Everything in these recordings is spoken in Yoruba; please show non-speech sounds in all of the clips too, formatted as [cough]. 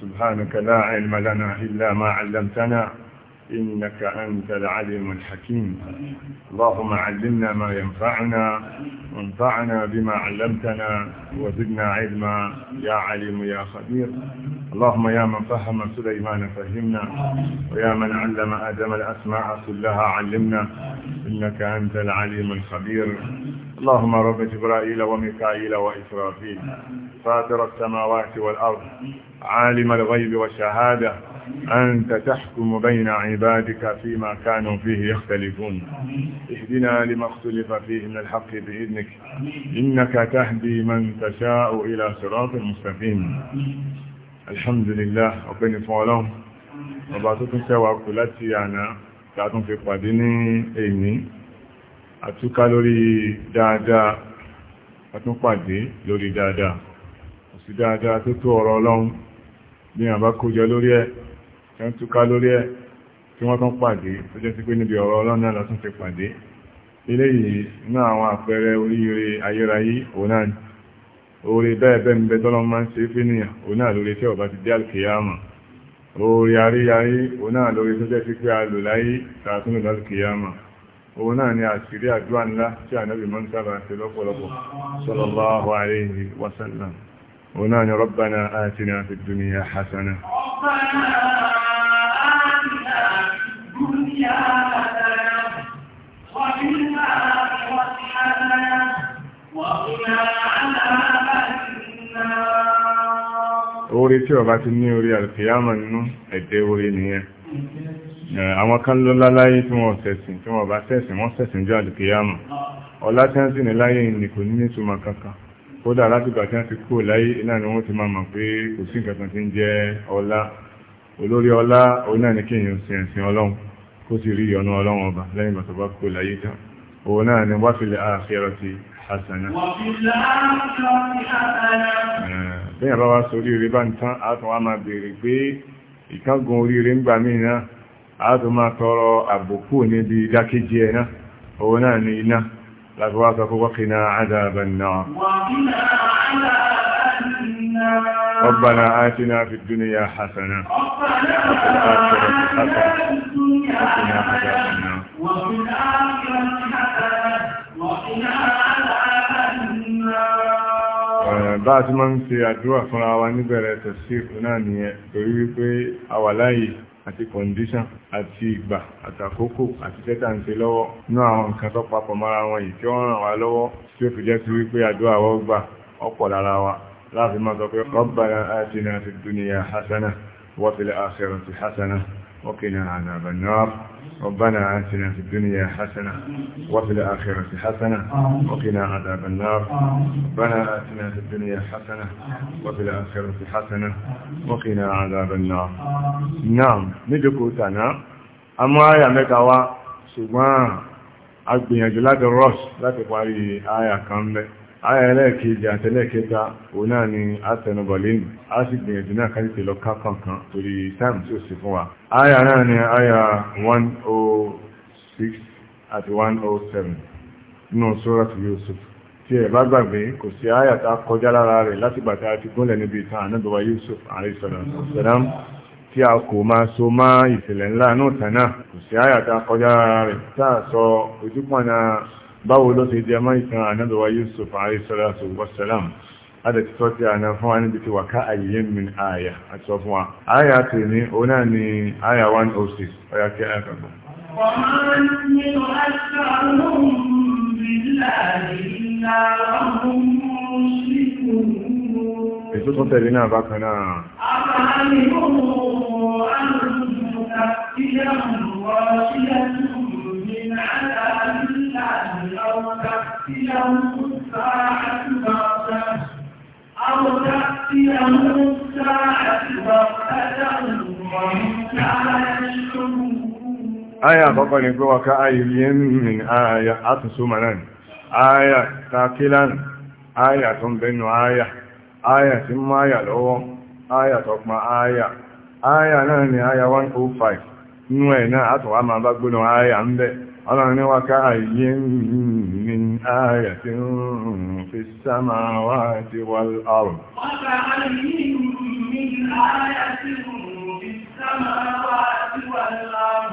سبحانك لا علم لنا إلا ما علمتنا إنك أنت العليم الحكيم اللهم علمنا ما ينفعنا وانفعنا بما علمتنا وزدنا علما يا عليم يا خبير اللهم يا من فهم سليمان فهمنا ويا من علم آدم الأسماء كلها علمنا إنك أنت العليم الخبير اللهم رب جبرائيل وميكائيل وإسرافيل فاطر السماوات والأرض عالم الغيب والشهادة أنت تحكم بين عبادك فيما كانوا فيه يختلفون اهدنا لما اختلف فيه من الحق بإذنك إنك تهدي من تشاء إلى صراط المستقيم الحمد لله أبني فعلهم وبعثكم سوى كلتي أنا تعطم في قدني إيمي أتوكى لوري دادا أتوقع لوري دادا وسي دادا تتورى لهم بين أبا كوجة ẹ̀ ń túká lórí ẹ̀ tí wọ́n tán pàdé tó jẹ́ sí pé níbi ọ̀rọ̀ ọlọ́nà lọ́tún ti pàdé ilé yìí ní àwọn àpẹẹrẹ oríire ayérayé ọ̀nà ni oore bẹ́ẹ̀ bẹ́ẹ̀ bẹ́ẹ̀ tọ́lọ́ máa ń ṣe é fínìyàn ọ̀nà lórí tí ọba ti dé àlùkìyàmà oore aríyáyé ọ̀nà lórí tó jẹ́ sí pé a lò láyé tààtúnlò lálùkìyàmà òun náà ni àṣírí àdúrà ńlá tí ànábì mọ́ ń sábà ṣe lọ́pọ̀lọpọ̀ sallallahu alayhi wa òun náà ni rabbana atina fid dunya hasana ya حسنة وفي Orí tí ọba ti ní orí àlùkìyàmọ̀ nínú ẹ̀dẹ́ orí nìyẹn. Àwọn kan ló láláyé tí wọ́n ṣẹ̀sìn tí wọ́n bá ṣẹ̀sìn wọ́n ṣẹ̀sìn jọ àlùkìyàmọ̀. Ọlá tí wọ́n sì ní láyé ní kò ní kankan. Kódà láti gbà tí wọ́n ti kúrò láyé ni wọ́n ti máa mọ̀ pé kò sí nǹkan tí ń jẹ́ ọlá. Olórí kó sì rí ìyọnú ọlọ́run ọba lẹ́yìn mọ̀ tó bá kó láyé tán òun náà ni wá fil akhirati hasana bí yàbá wá sórí rí bá ń tán àtún wá máa bèèrè pé ìkángun orí rí ń gbà mí náà àtún máa tọrọ àbòkù níbi ìdákejì ẹ̀ òun náà ni iná láti wá sọ fún wákìná adhaban nar ربنا آتنا في الدنيا حسنة وفي الآخرة حسنة وقنا عذاب النار وفي الآخرة حسنة وقنا عذاب النار bá ti máa ń ṣe àdúrà fúnra wa níbẹ̀rẹ̀ tẹ̀síkù náà nìyẹn torí wípé àwàláyé àti kọ̀ndíṣàn àti ìgbà àtàkókò àti tẹ́tà ń ṣe lọ́wọ́ ní àwọn nǹkan tó papọ̀ mọ́ra wọn yìí tí ó ràn wá lọ́wọ́ tí ó fi jẹ́ sí wípé àdúrà wọ́n gbà ọ̀pọ̀ lára wa láti máa sọ pé وقنا عذاب النار ربنا آتنا في الدنيا حسنة وفي الآخرة حسنة وقنا عذاب النار ربنا آتنا في الدنيا حسنة وفي الآخرة حسنة وقنا عذاب النار نعم ندكو تانا أما آية مكاوا سبحان أكبر يجلاد الرش لا تقوى آية كاملة ayẹlẹ́ẹ̀kejì àtẹlẹ́ẹ̀kẹta òun náà ni àtẹnubọ̀ lẹ́nu a sì gbìyànjú náà ká tètè lọ ká tí ni aya 106 àti 107 nínú Suratu Yusuf tí ẹ bá aya tá kọjá lára rẹ̀ láti gbàtà ti gúnlẹ̀ níbi Yusuf alayhi salam tí a kò máa so máa ìṣẹ̀lẹ̀ ńlá náà tàn kò sí aya tá kọjá lára rẹ̀ tá a sọ ojúpọ̀nà báwo ló ṣe jẹ máa ìtàn ànábẹ̀wá Yusuf àríṣẹ́láṣù wọ́sẹ̀lám adẹ̀tí tọ́ tí àná fún wa níbi tí wà ká àyè min àyà àti sọ fún wa àyà tè ní òun náà ni àyà 106 ọ̀yà kí àyà kan Ètò tó tẹ̀lé náà bákan náà. Àbáyé mú àwọn ọmọ àwọn ọmọ أو تأتيهم الساعة بغتة أو Aya àkọ́kọ́ ni pé wà ká ayìyẹ ní ààyà àtùsùmà náà, ààyà takílá ààyà tó ń ni ààyà 105, nú ẹ̀ náà àtùwà máa bá gbónà ààyà ń ọlọ́run ní wá káàyé min ayatin fi samawati wal ard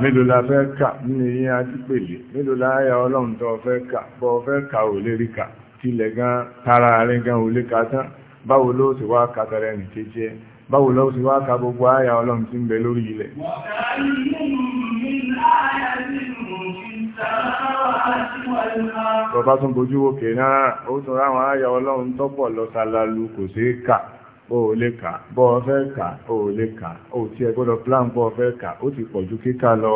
mélòó la fẹ́ kà nínú iye àti pèlè mélòó la ayà ọlọ́run tó fẹ́ kà bọ́ fẹ́ kà ò lè rí kà tilẹ̀ gan tara rẹ̀ gan ò lè kà báwo ló sì wá kàtàrẹ̀ nì kéjì báwo ló sì wá ka gbogbo ayà ọlọ́run tí ń bẹ lórí ilẹ̀ Wọ̀ká Bọ̀bá tún bojú náà, ó tún ráwọn ayà ọlọ́run tọpọ lọ sàlálù kò sí kà, ó lè kà, bọ́ ọfẹ́ kà, ó lè kà, ó tí ẹ plan bọ́ ọfẹ́ kà, ó ti pọ̀ ju kíkà lọ.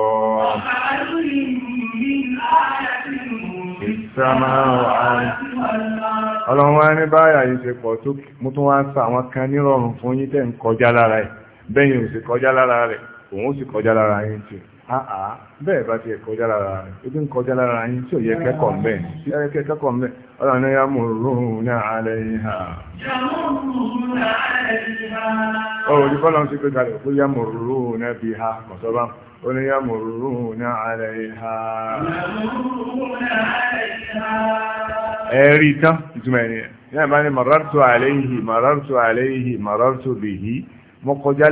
Ọlọ́run wá ní báyà yìí ṣe pọ̀ tó mú tún wá ń sa àwọn kan nírọ̀rùn fún tẹ́ ń kọjá lára ẹ̀, bẹ́yìn kọjá lára rẹ̀, òun kọjá lára àà ah, ah. bẹ́ẹ̀ bá ti ẹ̀kọ́ jára rà ibi ń kọjá lára yín tí ò yẹ kẹ́kọ̀ọ́ mẹ́ tí ó yẹ kẹ́kọ̀ọ́ mẹ́ ọ̀rọ̀ ní ya mú rúrùn ní ààrẹ ìhà ọ̀rọ̀ ní fọ́lọ́n sí pé kalẹ̀ fún ya mú rúrùn ní bí ha kọ̀sọ́bá ó ní ya mú rúrùn ní ààrẹ ìhà ẹ̀rí tán ìtumẹ̀ ni yẹn bá ní marartu alayhi marartu alayhi marartu bihi mo kọjá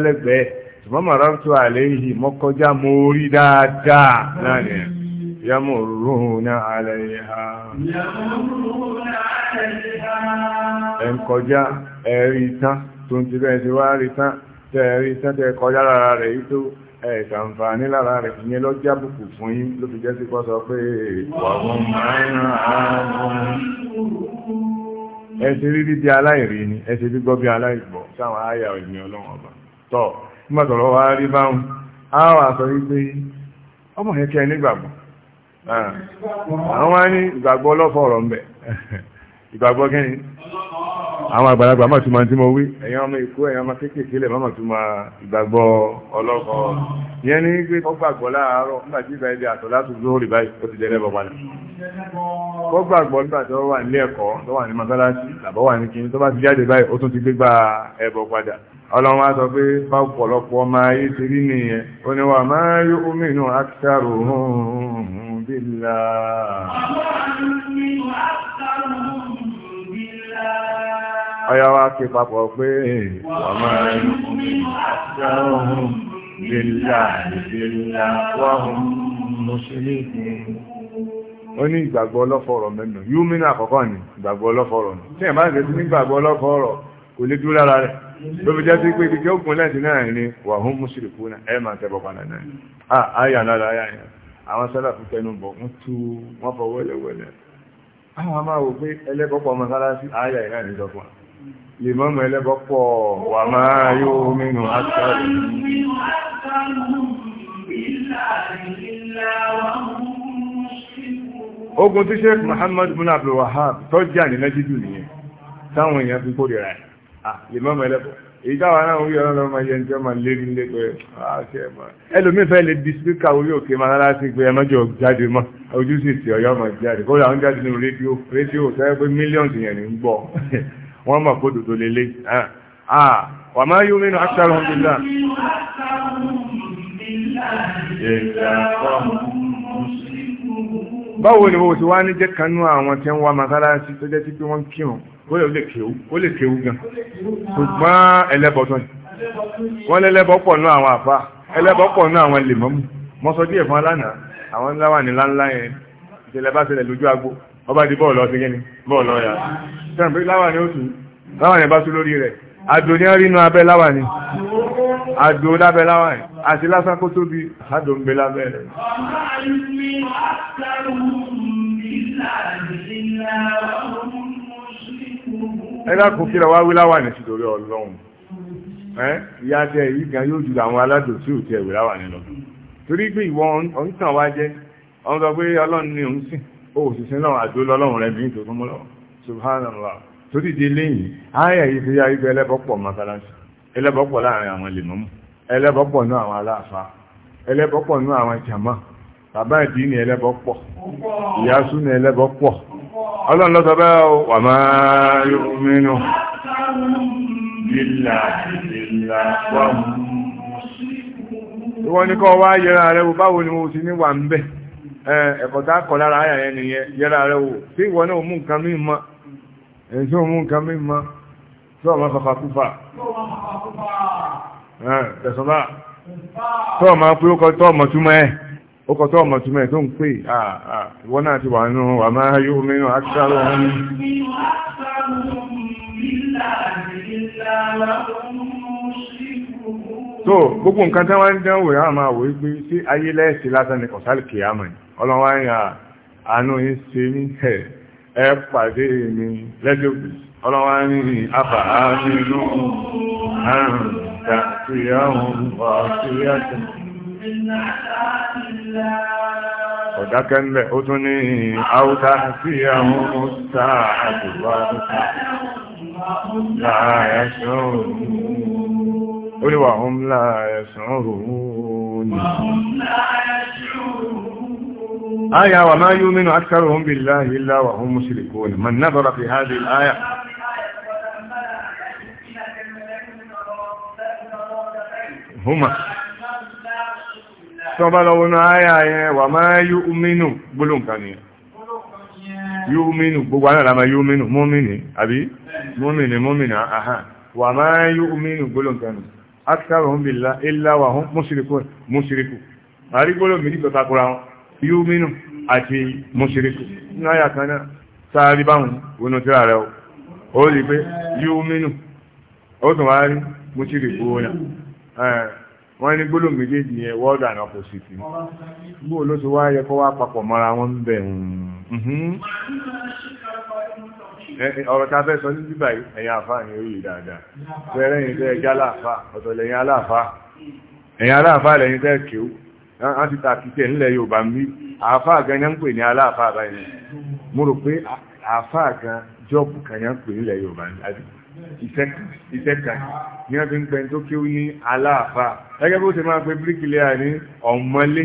ṣùgbọ́n màrántú àléhì mọ́kọjá mo rí dáadáa náà ni yamuruna alayha ẹ̀ ń kọjá ẹ̀rí tán tó ń ti bẹ́ẹ̀ ti wá rí tán tẹ́ẹ̀rí tán tẹ́ kọjá lára rẹ̀ yìí tó ẹ̀ẹ̀kànfà ní lára rẹ̀ ìyẹn lọ rí bí aláìrí ni ẹ̀ṣẹ̀ bí gbọ́ bí aláìgbọ́ sáwọn áyà ìmì ọlọ́run ọba tọ́ mọ́tọ̀rọ̀ wá rí bá ń àwọn àṣọ wípé ọmọ yẹn kẹ́ nígbàgbọ́ àwọn ní ìgbàgbọ́ ọlọ́fọ̀ ọ̀rọ̀ ń bẹ [laughs] ìgbàgbọ́ kí ni àwọn àgbàlagbà máa túnmọ̀ tí mo wí ẹ̀yàn ọmọ èkó ẹ̀yàn ọmọ kéékèèké lẹ̀ máa túnmọ̀ ìgbàgbọ́ ọlọ́fọ̀ ìyẹn ní pé ó gbàgbọ́ láàárọ̀ nígbà tí ìgbà ibi àtọ̀ láti dúró rí báyìí ó ti jẹ́ lẹ́bọ̀ padà ó gbàgbọ́ nígbà tó wà nílé ẹ̀kọ́ tó wà ní mọ́sálásí tàbọ̀ wà ní kinní tó bá ti jáde báyìí ó tún ti gbégbá ẹbọ padà ọlọ́run wá sọ pé pọ́pọ̀lọpọ̀ ọmọ ayé ti rí nìyẹn ó ní wà máa yóò omínú akitaro bílá ọya wá kí papọ̀ pé wà máa yóò omínú akitaro bílá bílá wáhùn mùsùlùmí ó ní ìgbàgbọ́ ọlọ́fọ̀ọ̀rọ̀ mẹ́nu yóò àkọ́kọ́ ni ìgbàgbọ́ ọlọ́fọ̀ọ̀rọ̀ kò lè dúró lára rẹ̀ ló fi jẹ́ sí pé ibi náà ni wà hún mùsùlùkú náà ẹ máa tẹ́bọ̀ padà náà à áyà lára áyà yẹn àwọn sọ́là fún tẹnu bọ̀ wọ́n tú wọ́n fọ wẹ́lẹ́wẹ́lẹ́ àwọn máa wò pé ẹlẹ́kọ̀ọ́pọ̀ mọ́sálásí áyà lè ẹlẹ́kọ̀ọ́pọ̀ wà máa yóò mínú ogun tí Sheikh Muhammad bin Abdul Wahab tó nìyẹn táwọn èèyàn Ah, lè mọ́ mẹ́lẹ́bọ̀ èyí táwọn náà ń rí ọ̀rọ̀ lọ́mọ yẹn tí ó máa lé nílé pé àṣẹ ah, mọ́ ẹlòmíín fẹ́ lè di spíkà orí òkè máa rárá sí pé ẹmọ́jọ jáde mọ́ ojú sì ti ọ̀yọ́ mọ̀ jáde kó làwọn jáde nínú rédíò rédíò sẹ́yẹ́ pé mílíọ̀nù yẹn ní ń gbọ́ [laughs] wọ́n mọ̀ kó dòdò lélẹ̀ wà máa yóò mínú akṣàrùn bílá báwo ni wo ti wá ní jẹ́ kanú àwọn tí wọ́n wá masára sí tó jẹ́ sí pé wọ́n kírun ó lè kéwú ó lè kéwú gan ṣùgbọ́n ẹlẹ́bọ̀tán wọ́n lẹ́lẹ́bọ̀pọ̀ náà àwọn àfá ẹlẹ́bọ̀pọ̀ náà àwọn lèmọ́mù mo sọ díẹ̀ fún alánà àwọn ńlá wà ní láńlá yẹn ìṣẹ̀lẹ̀ bá ṣẹlẹ̀ lójú agbo ọba di bọ́ọ̀lù ọtí gẹ́ni bọ́ọ̀lù ọ̀yà tẹ́m̀pé láwà ní òtù láwà ní bá tú lórí rẹ̀ àdó ní rí inú abẹ́ láwà ní àdó lábẹ́ láwà ní àti lásán kó tóbi àdó ń gbé lábẹ́ rẹ̀ Thank ẹ̀dá kò kí lọ́wọ́ wíláwà ní sítorí ọlọ́run ìyá tẹ èyí gan yóò ju àwọn aládùn tí ò tẹ wíláwà ní lọ torí pé ìwọ ọ̀ǹtàn wá jẹ́ ọ̀n sọ pé ọlọ́run ní òun sìn ó òṣìṣẹ́ náà àjò lọ́lọ́run rẹ̀ bíi tòkún mọ́lọ́ subhanallah torí di lẹ́yìn ayé yìí fi yá ibẹ̀ ẹlẹ́bọ̀pọ̀ mọ́sálásí ẹlẹ́bọ̀pọ̀ láàrin àwọn lèmọ́mù ẹlẹ́bọ̀pọ̀ náà àwọn aláàfà ẹlẹ́bọ̀pọ̀ náà àwọn jàmá bàbá ìdí ni ẹlẹ́bọ̀pọ̀ ìyá súnà ẹlẹ́bọ̀pọ̀ ọlọ́run ló sọ bẹ́ẹ̀ o wà máa yóò mínú ìwọ́n ní kọ́ wá yẹra rẹ̀ wò báwo ni mo ti ní wà ń bẹ̀ ẹ̀kọ́ tá kọ̀ lára ayà yẹn nìyẹn yẹra rẹ̀ wò tí ìwọ náà mú nǹkan mí mọ́ èyí tí ó mú nǹkan mí mọ́ tí ọmọ fàfà kúfà tẹ̀sọ́bà tọ́ ọmọ pé ó kọ tọ́ ọmọ túmọ̀ ẹ̀ ó kọ tó ọmọ túnmẹ̀ tó ń pè ìwọ náà ti wà nínú wà máa yóò mẹ́nu àkíkàrọ̀ wọn tó gbogbo nǹkan tán wá ń dán wòrán àmà wòrí pé sí ayé lẹ́ẹ̀sì látàn ní kọ̀sálìkì àmà ọlọ́wọ́ àyà àfà àmì inú àrùn ìgbà tí àwọn ọmọ فذاك لحزني او تحسيه الساعه الله لا يشعرون قل وهم لا يشعرون آية وما يؤمن أكثرهم بالله إلا وهم مشركون من نظر في هذه الآية هما tí wọ́n bá lọ wọnú àyà yẹn wà máa yú mínú gbólóhùn kan nìyẹn yú mínú gbogbo àná làmà yú mínú mọ́mìnì àbí mọ́mìnì mọ́mìnì àhà wà máa yú mínú gbólóhùn kan nìyẹn akitaro ń bìlá ilá wà hún mọ́síríkù mọ́síríkù àrí gbólóhùn méjì tó takura wọn yú mínú àti mọ́síríkù ní àyà kan náà sáárí báwọn wọnú tíra rẹ ó rí pé yú mínú ó tún wá rí mọ́síríkù wọn náà wọ́n ní gbólóhùn méjèèjì yẹn word and opposite ni gbó ló ti wá yẹ kó wá papọ̀ mọ́ra wọn ń bẹ̀ mhm. ọ̀rọ̀ ta fẹ́ sọ ní bíbà ẹ̀yìn àfá ní orí dáadáa bẹ̀rẹ̀ yìí tẹ́ ẹjá láàfá ọ̀tọ̀ lẹ́yìn aláàfá ẹ̀yìn aláàfá lẹ́yìn tẹ́ kéwú wọ́n ti tàkìtẹ̀ nílẹ̀ Yorùbá ń bí àfá gan ní ń pè ní aláàfá báyìí mo rò pé àfá gan jọ́ọ̀bù kan ní ń pè nílẹ̀ ìtẹ́ka ní wọ́n fi ń pẹ́ tó kí ó ní aláàfà ẹgẹ́ bó ṣe máa pe bíríkìlẹ́à ní ọ̀mọ́lé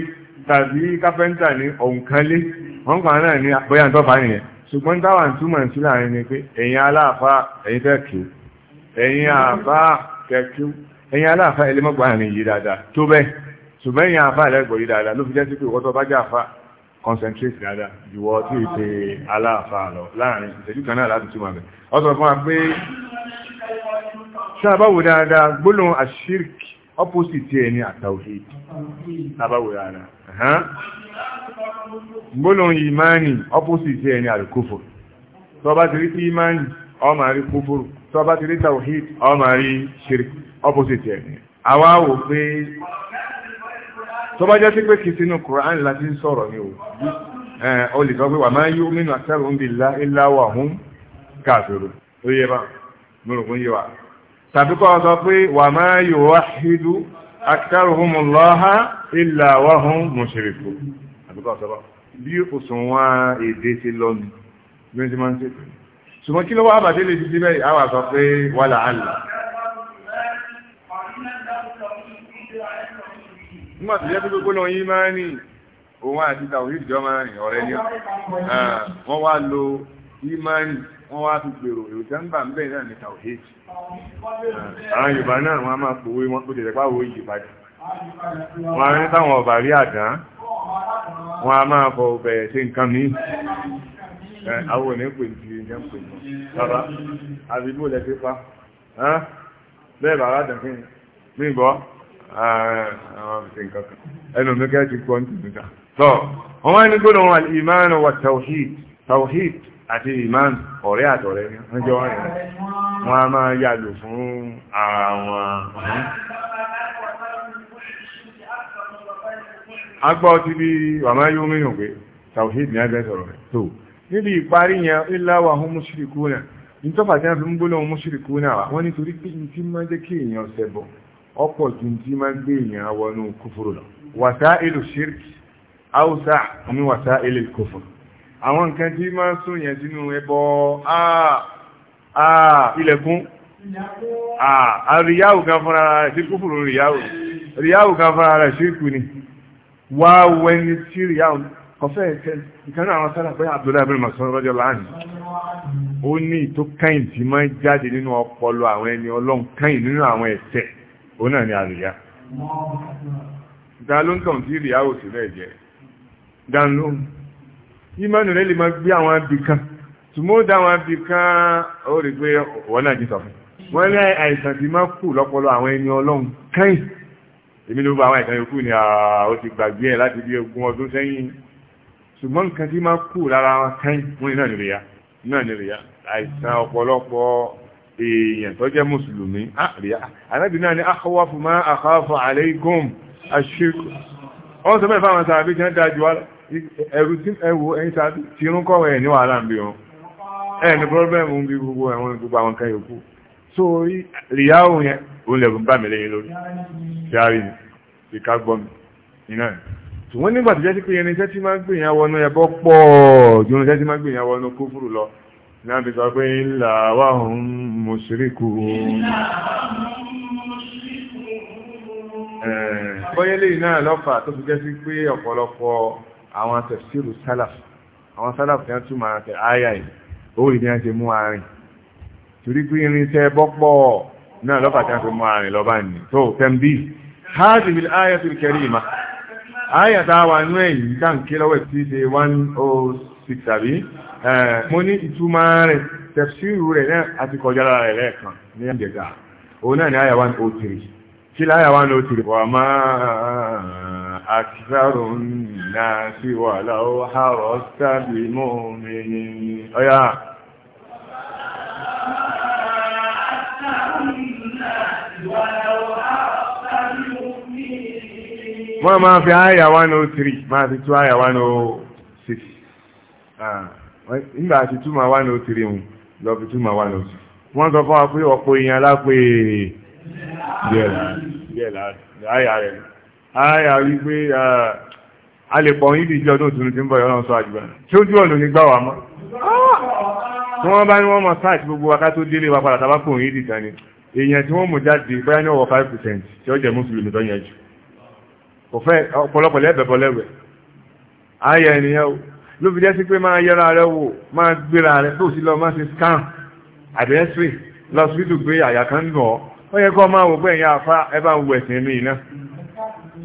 tàbí kápẹ́ńtà ní òǹkanlé wọ́n kàn náà ní bóyá ń tọ́fà nìyẹn ṣùgbọ́n táwà ń túmọ̀ sí láàrin ni pé ẹ̀yin aláàfà ẹ̀yin tẹ́kìú ẹ̀yin àfà tẹ́kìú ẹ̀yin aláàfà ẹlẹ́mọ́gbà rìn yìí dáadáa tó bẹ́ẹ̀ ṣùgbọ́n ẹ̀yin àfà ẹlẹ́gbọ̀ yìí dáadáa ló fi jẹ́ sí pé ìwọ́tọ̀ bá jẹ́ àfà concentrate dáadáa jùwọ́ tí ì ṣe aláàfà lọ láàrin ìṣẹ́jú kan náà láti túmọ̀ bẹ̀ ọ sọ fún wa pé sábàwò dáadáa gbólóhùn àṣírk opposite ẹ̀ ní àtàwòhìd sábàwò dáadáa gbólóhùn ìmáni opposite ẹ̀ ní àrùkúfò tó ti rí ìmáni ó máa kúfòrò tó ti rí tàwòhìd ó máa ṣírk opposite ẹ̀ ní àwáwò pé tó jẹ́ sí pé kìí sínú láti o tàbí kọ́ sọ pé wà máa yuwahhidu aktaruhumullaha illa wahum mushrikun tàbí kọ́ sọ bá èdè ti lọ́nu bí wọ́n ti máa ń ṣètò ṣùgbọ́n kí ló wá bàtẹ́ lè ti bẹ́ẹ̀ àwà sọ pé wala Allah nígbà tó yẹ kí gbogbo lọ yín máa ń òun àti wọ́n wá fi gbèrò èrò ń bà ń bẹ̀ ní tàwíhìd àwọn yorùbá náà wọ́n á máa fòwe wọn kó tẹ̀lé pàwọ́ yìí wọ́n á ní táwọn ọ̀bà rí àdán wọ́n á máa fọ bẹ̀rẹ̀ sí nǹkan mi àwọn òní pè ní ìjẹ́ ń àti imam ọ̀rẹ́ àtọ̀rẹ́ wọ́n rẹ̀ wọ́n a máa yàgò fún ara wọn agbọ́ ti bí wàmá yóò mìíràn pé tawhid ní abẹ́ rẹ̀ tó níbi ìparí yẹn ìláwà hún mùṣírikú náà nítọ́fà tí fi ń náà wọ́n tí máa jẹ́ kí èèyàn ọ̀pọ̀ tí máa gbé èèyàn wọnú kúfúrú lọ omi kúfúrú àwọn nǹkan tí máa sún yẹn sínú ẹbọ ilẹ̀kún àríyáwò kan fúnra rẹ̀ sí kúfùrù ríyáwò ríyáwò kan fúnra rẹ̀ sí ìkú ni wá wẹni tí ríyáwò kọfẹ́ ìkanáà àwọn sára pé Abdullahi bin Mas'ud rọ́jọ́ láàrin ó ní ìtó kẹ́yìn tí máa jáde nínú ọpọlọ àwọn ẹni ọlọ́run kẹ́yìn nínú àwọn ẹ̀ṣẹ̀ ó náà ni àríyá ìdá ló ń kàn tí ríyáwò sí bẹ́ẹ̀ jẹ́ ìdá ìmọ̀nù rẹ̀ lè máa gbé àwọn abì kan tùmọ́ dá àwọn abì kan ó rí pé wọ́n náà jí sọ fún wọ́n ní àìsàn tí máa kù lọ́pọ̀lọ́ àwọn ẹni ọlọ́run kẹ́yìn èmi ló bá àwọn àìsàn yòókù ni ó ti gbàgbé ẹ̀ láti bí ogún ọdún sẹ́yìn ṣùgbọ́n nǹkan tí máa kù lára wọn kẹ́yìn wọ́n ní náà nìrìyà náà nìrìyà àìsàn ọ̀pọ̀lọpọ̀ èèyàn tó jẹ́ mùsùlùmí àríyá náà ni akọwà fún máa àkọ́fọ́ àlẹ́ ikùn àṣírí wọ́n sọ bẹ́ẹ̀ fáwọn sàbí kí wọ́n dájú ẹ̀rù tí ẹwù ẹ̀yìn sáàbí tí irun kọ́ ẹ̀ ní wàhálà ń bí wọn ẹ̀ ní pọ́blẹ́mù ń bí gbogbo ẹ̀wọ̀n gbogbo àwọn kan yòókù so ìyá òun yẹn òun lẹ̀kùn bá mi lẹ́yìn lórí ṣáàrì ni ìka gbọ́ mi iná ẹ̀ ṣùgbọ́n nígbà tó jẹ́ sí pé irinṣẹ́ tí máa ń gbìyàn wọnú ẹbọ pọ̀ ju irinṣẹ́ tí máa ń gbìyàn wọnú kúfùrù lọ ní àbí sọ pé ńlá wà ń mùsùlùkù bọ́yẹ́lẹ́ náà lọ́fà tó fi jẹ́ sí pé ọ̀pọ̀lọpọ̀ àwọn tafsiru salaf àwọn salaf tí wọ́n tún máa tẹ àyà yìí ó rí ní wọ́n ti mú àárín torí pé irinṣẹ́ bọ́pọ̀ náà lọ́pàá tí wọ́n fi mú àárín lọ́ba ní tó tẹ́mbí hadhihi al-ayatu al-karima àyà tá a wà nú ẹ̀yìn káǹkì lọ́wọ́ tí ṣe 106 tàbí mo ní ìtumọ̀ rẹ̀ tafsiru rẹ̀ náà àti kọjá lára rẹ̀ lẹ́ẹ̀kan ní أكثر الناس ولو حرصت بمؤمن أيا wọ́n máa fi àyà 103 máa fi tú àyà 106 nígbà àti túmọ̀ 103 hun lọ fi túmọ̀ 106 wọ́n sọ fún wa pé ọ̀pọ̀ èèyàn lápé díẹ̀ àyà wípé a lè pọ̀ yín dìjọ́ tó tún ti ń bọ̀ yọ́nà sọ àjùbà tí ó dúró lónìí gbà wà mọ́ tí wọ́n bá ní wọ́n mọ̀ sáà gbogbo wa ká tó délé wa padà tàbá pò yín dìjà ni èèyàn tí wọ́n mú jáde bóyá ní ọwọ́ 5% tí ó jẹ́ mùsùlùmí tó yẹn ọ̀pọ̀lọpọ̀ scan àdẹ́sì lọ sí gbé àyà kan nù ọ́ ó yẹ kó máa wò pé ẹ̀yà afá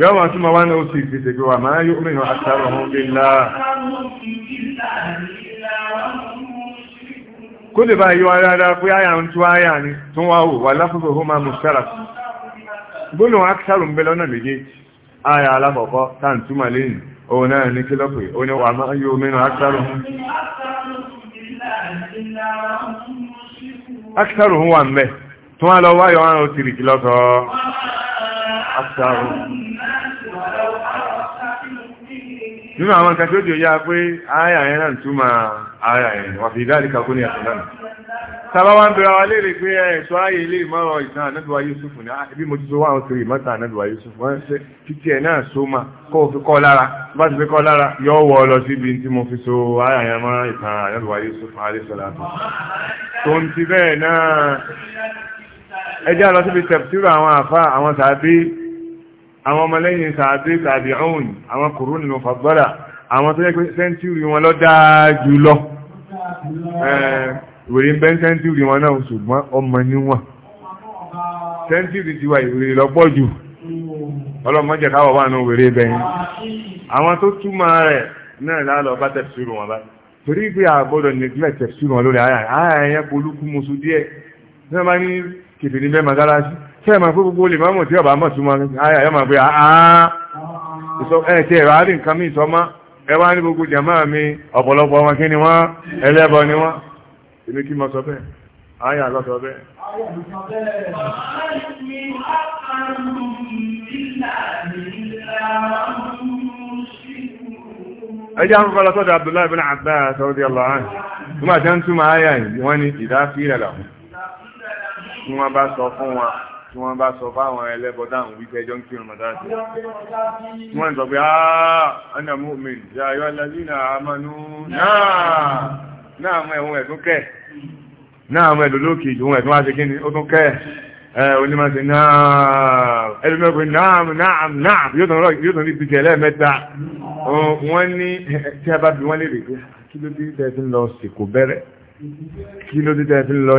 yọ́ wọ́n tún ma wá ní ó sì fi ṣègbè wà máa yóò mìíràn àtàrà ọ̀hún bí ńlá kó lè bá yíwá dáadáa pé àyà ń tú àyà ni wá wò wà máa mú sára ń bẹ lọ́nà àyà alákọ̀ọ́kọ́ akitaru ń wà mbẹ tí wọ́n lọ wáyọ̀ wọn ó tìrìkì lọ́sọ̀ akitaru. nínú àwọn nǹkan tí ó di òye pé àyà yẹn náà túmọ̀ àyà yẹn wà dáàlì kakó ní ẹ̀sìn náà sábà wá ń bẹ̀rẹ̀ wa léèrè pé ẹ̀ṣọ́ ayé ilé ìmọ̀ràn ìtàn ànábìwá Yusuf ní ah, ibi mo ti so wá òsèré oh ìmọ̀tàn ànábìwá Yusuf wọ́n ṣe títí ẹ̀ náà so mà kó o fi kọ́ lára bá ti fi kọ́ lára yọ wọ ọ lọ síbi tí mo fi so ayà yẹn mọ́ ìtàn ànábìwá Yusuf alẹ́sọ̀lá tó ń ti bẹ́ẹ̀ náà ẹjẹ́ lọ síbi tẹ̀pítírù àwọn àfa àwọn tàbí àwọn ọmọlẹ́yìn tàbí tàbí ọ̀hún àwọn kòrónì ló fàgbọ́dà àwọn tó yẹ pé sẹ́ńtúrì wọn lọ dáa jù lọ ìwèrè ń bẹ́ sẹ́ńtúrì wọn náà ṣùgbọ́n ọmọ níwọ̀n sẹ́ńtúrì ti wà ìwèrè lọ́pọ̀ jù ọlọ́mọdé káwọ̀ wà náà wèrè bẹ́yìn àwọn tó túmọ̀ rẹ̀ náà lálọ́ bá tẹ̀síru wọn báyìí torí pé àgbọ́dọ̀ nígbà tẹ̀síru wọn lórí àyà àyà ẹ̀yẹ polúkú musu díẹ̀ náà bá ní kèfè níbẹ̀ màdálásí fẹ́ẹ̀ máa pé gbogbo olè máa mọ̀ tí ọba mọ̀ mi ọ̀pọ̀lọpọ̀ wọn kí ni wọ́n ẹlẹ́bọ ni wọ́n èmi kí mo sọ bẹ́ẹ̀ ayé àlọ́sọ bẹ́ẹ̀. ẹjẹ́ àkọ́kọ́ lọ sọ́dọ̀ Abdullahi bin Abbas radiyallahu anhu nígbà tí wọ́n túmọ̀ ayé àyè wọ́n ní ìdáfíìlẹ̀ làwọn tí wọ́n bá sọ fún wa tí wọ́n bá sọ fáwọn ẹlẹ́bọ̀dá wípé ẹjọ́ ń kí ọmọdá náà mọ ẹ̀hún ẹ̀dún kẹ́ náà mọ ẹ̀dún lókè ìjòhun ẹ̀dún wá sí kí ni ó tún kẹ́ ẹ̀ onímọ̀sí náà ẹlùmẹ́kùn náà náà náà yóò tún rí pìtẹ̀ lẹ́ẹ̀mẹ́ta wọ́n ní [laughs] tí a bá bí wọ́n lè rè kí ló dé tẹ́ fi lọ sìnkú bẹ̀rẹ̀ kí ló dé fi lọ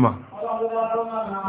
lọ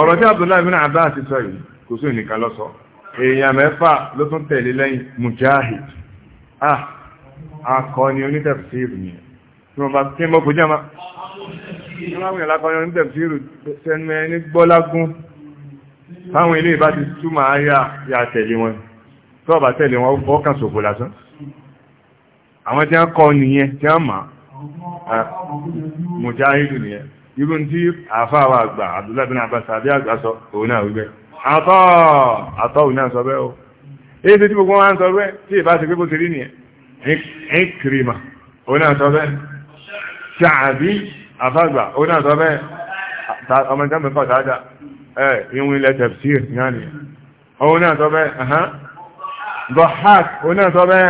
ọ̀rọ̀ tí Abdullahi bin Abbas ti sọ yìí kò sí ìnìkan ló èèyàn mẹ́fà ló tún tẹ̀lé lẹ́yìn Mujahid ah akọni onítẹ̀fẹ́sìrì yẹn tí wọ́n bá tí mọ́ kò jẹ́mà láwọn ìlàkọni onítẹ̀fẹ́sìrì tẹnu ẹni gbọ́lágún táwọn ilé ìbá ti túmọ̀ ayá ya tẹ̀lé wọn tí wọ́n bá tẹ̀lé wọn ọkàn ṣòfò lásán àwọn tí wọ́n kọ́ nìyẹn tí wọ́n mọ̀ ah, Mujahid nìyẹn irú tí àfáwà àgbà Abdullahi bin Abbas àbí àgbà sọ òun náà wíbẹ̀ àtọ́ àtọ́ òun náà sọ bẹ́ o èyí tí gbogbo wọn sọ bẹ́ tí ìbá ti pé bó ti rí nìyẹn Ikrima òun náà sọ bẹ́ Ṣàbí àfágbà òun náà sọ bẹ́ ọmọ ìjọ mẹ́fà sáájà ẹ ìwọ̀n ilẹ̀ tafsir náà nìyẹn òun náà sọ bẹ́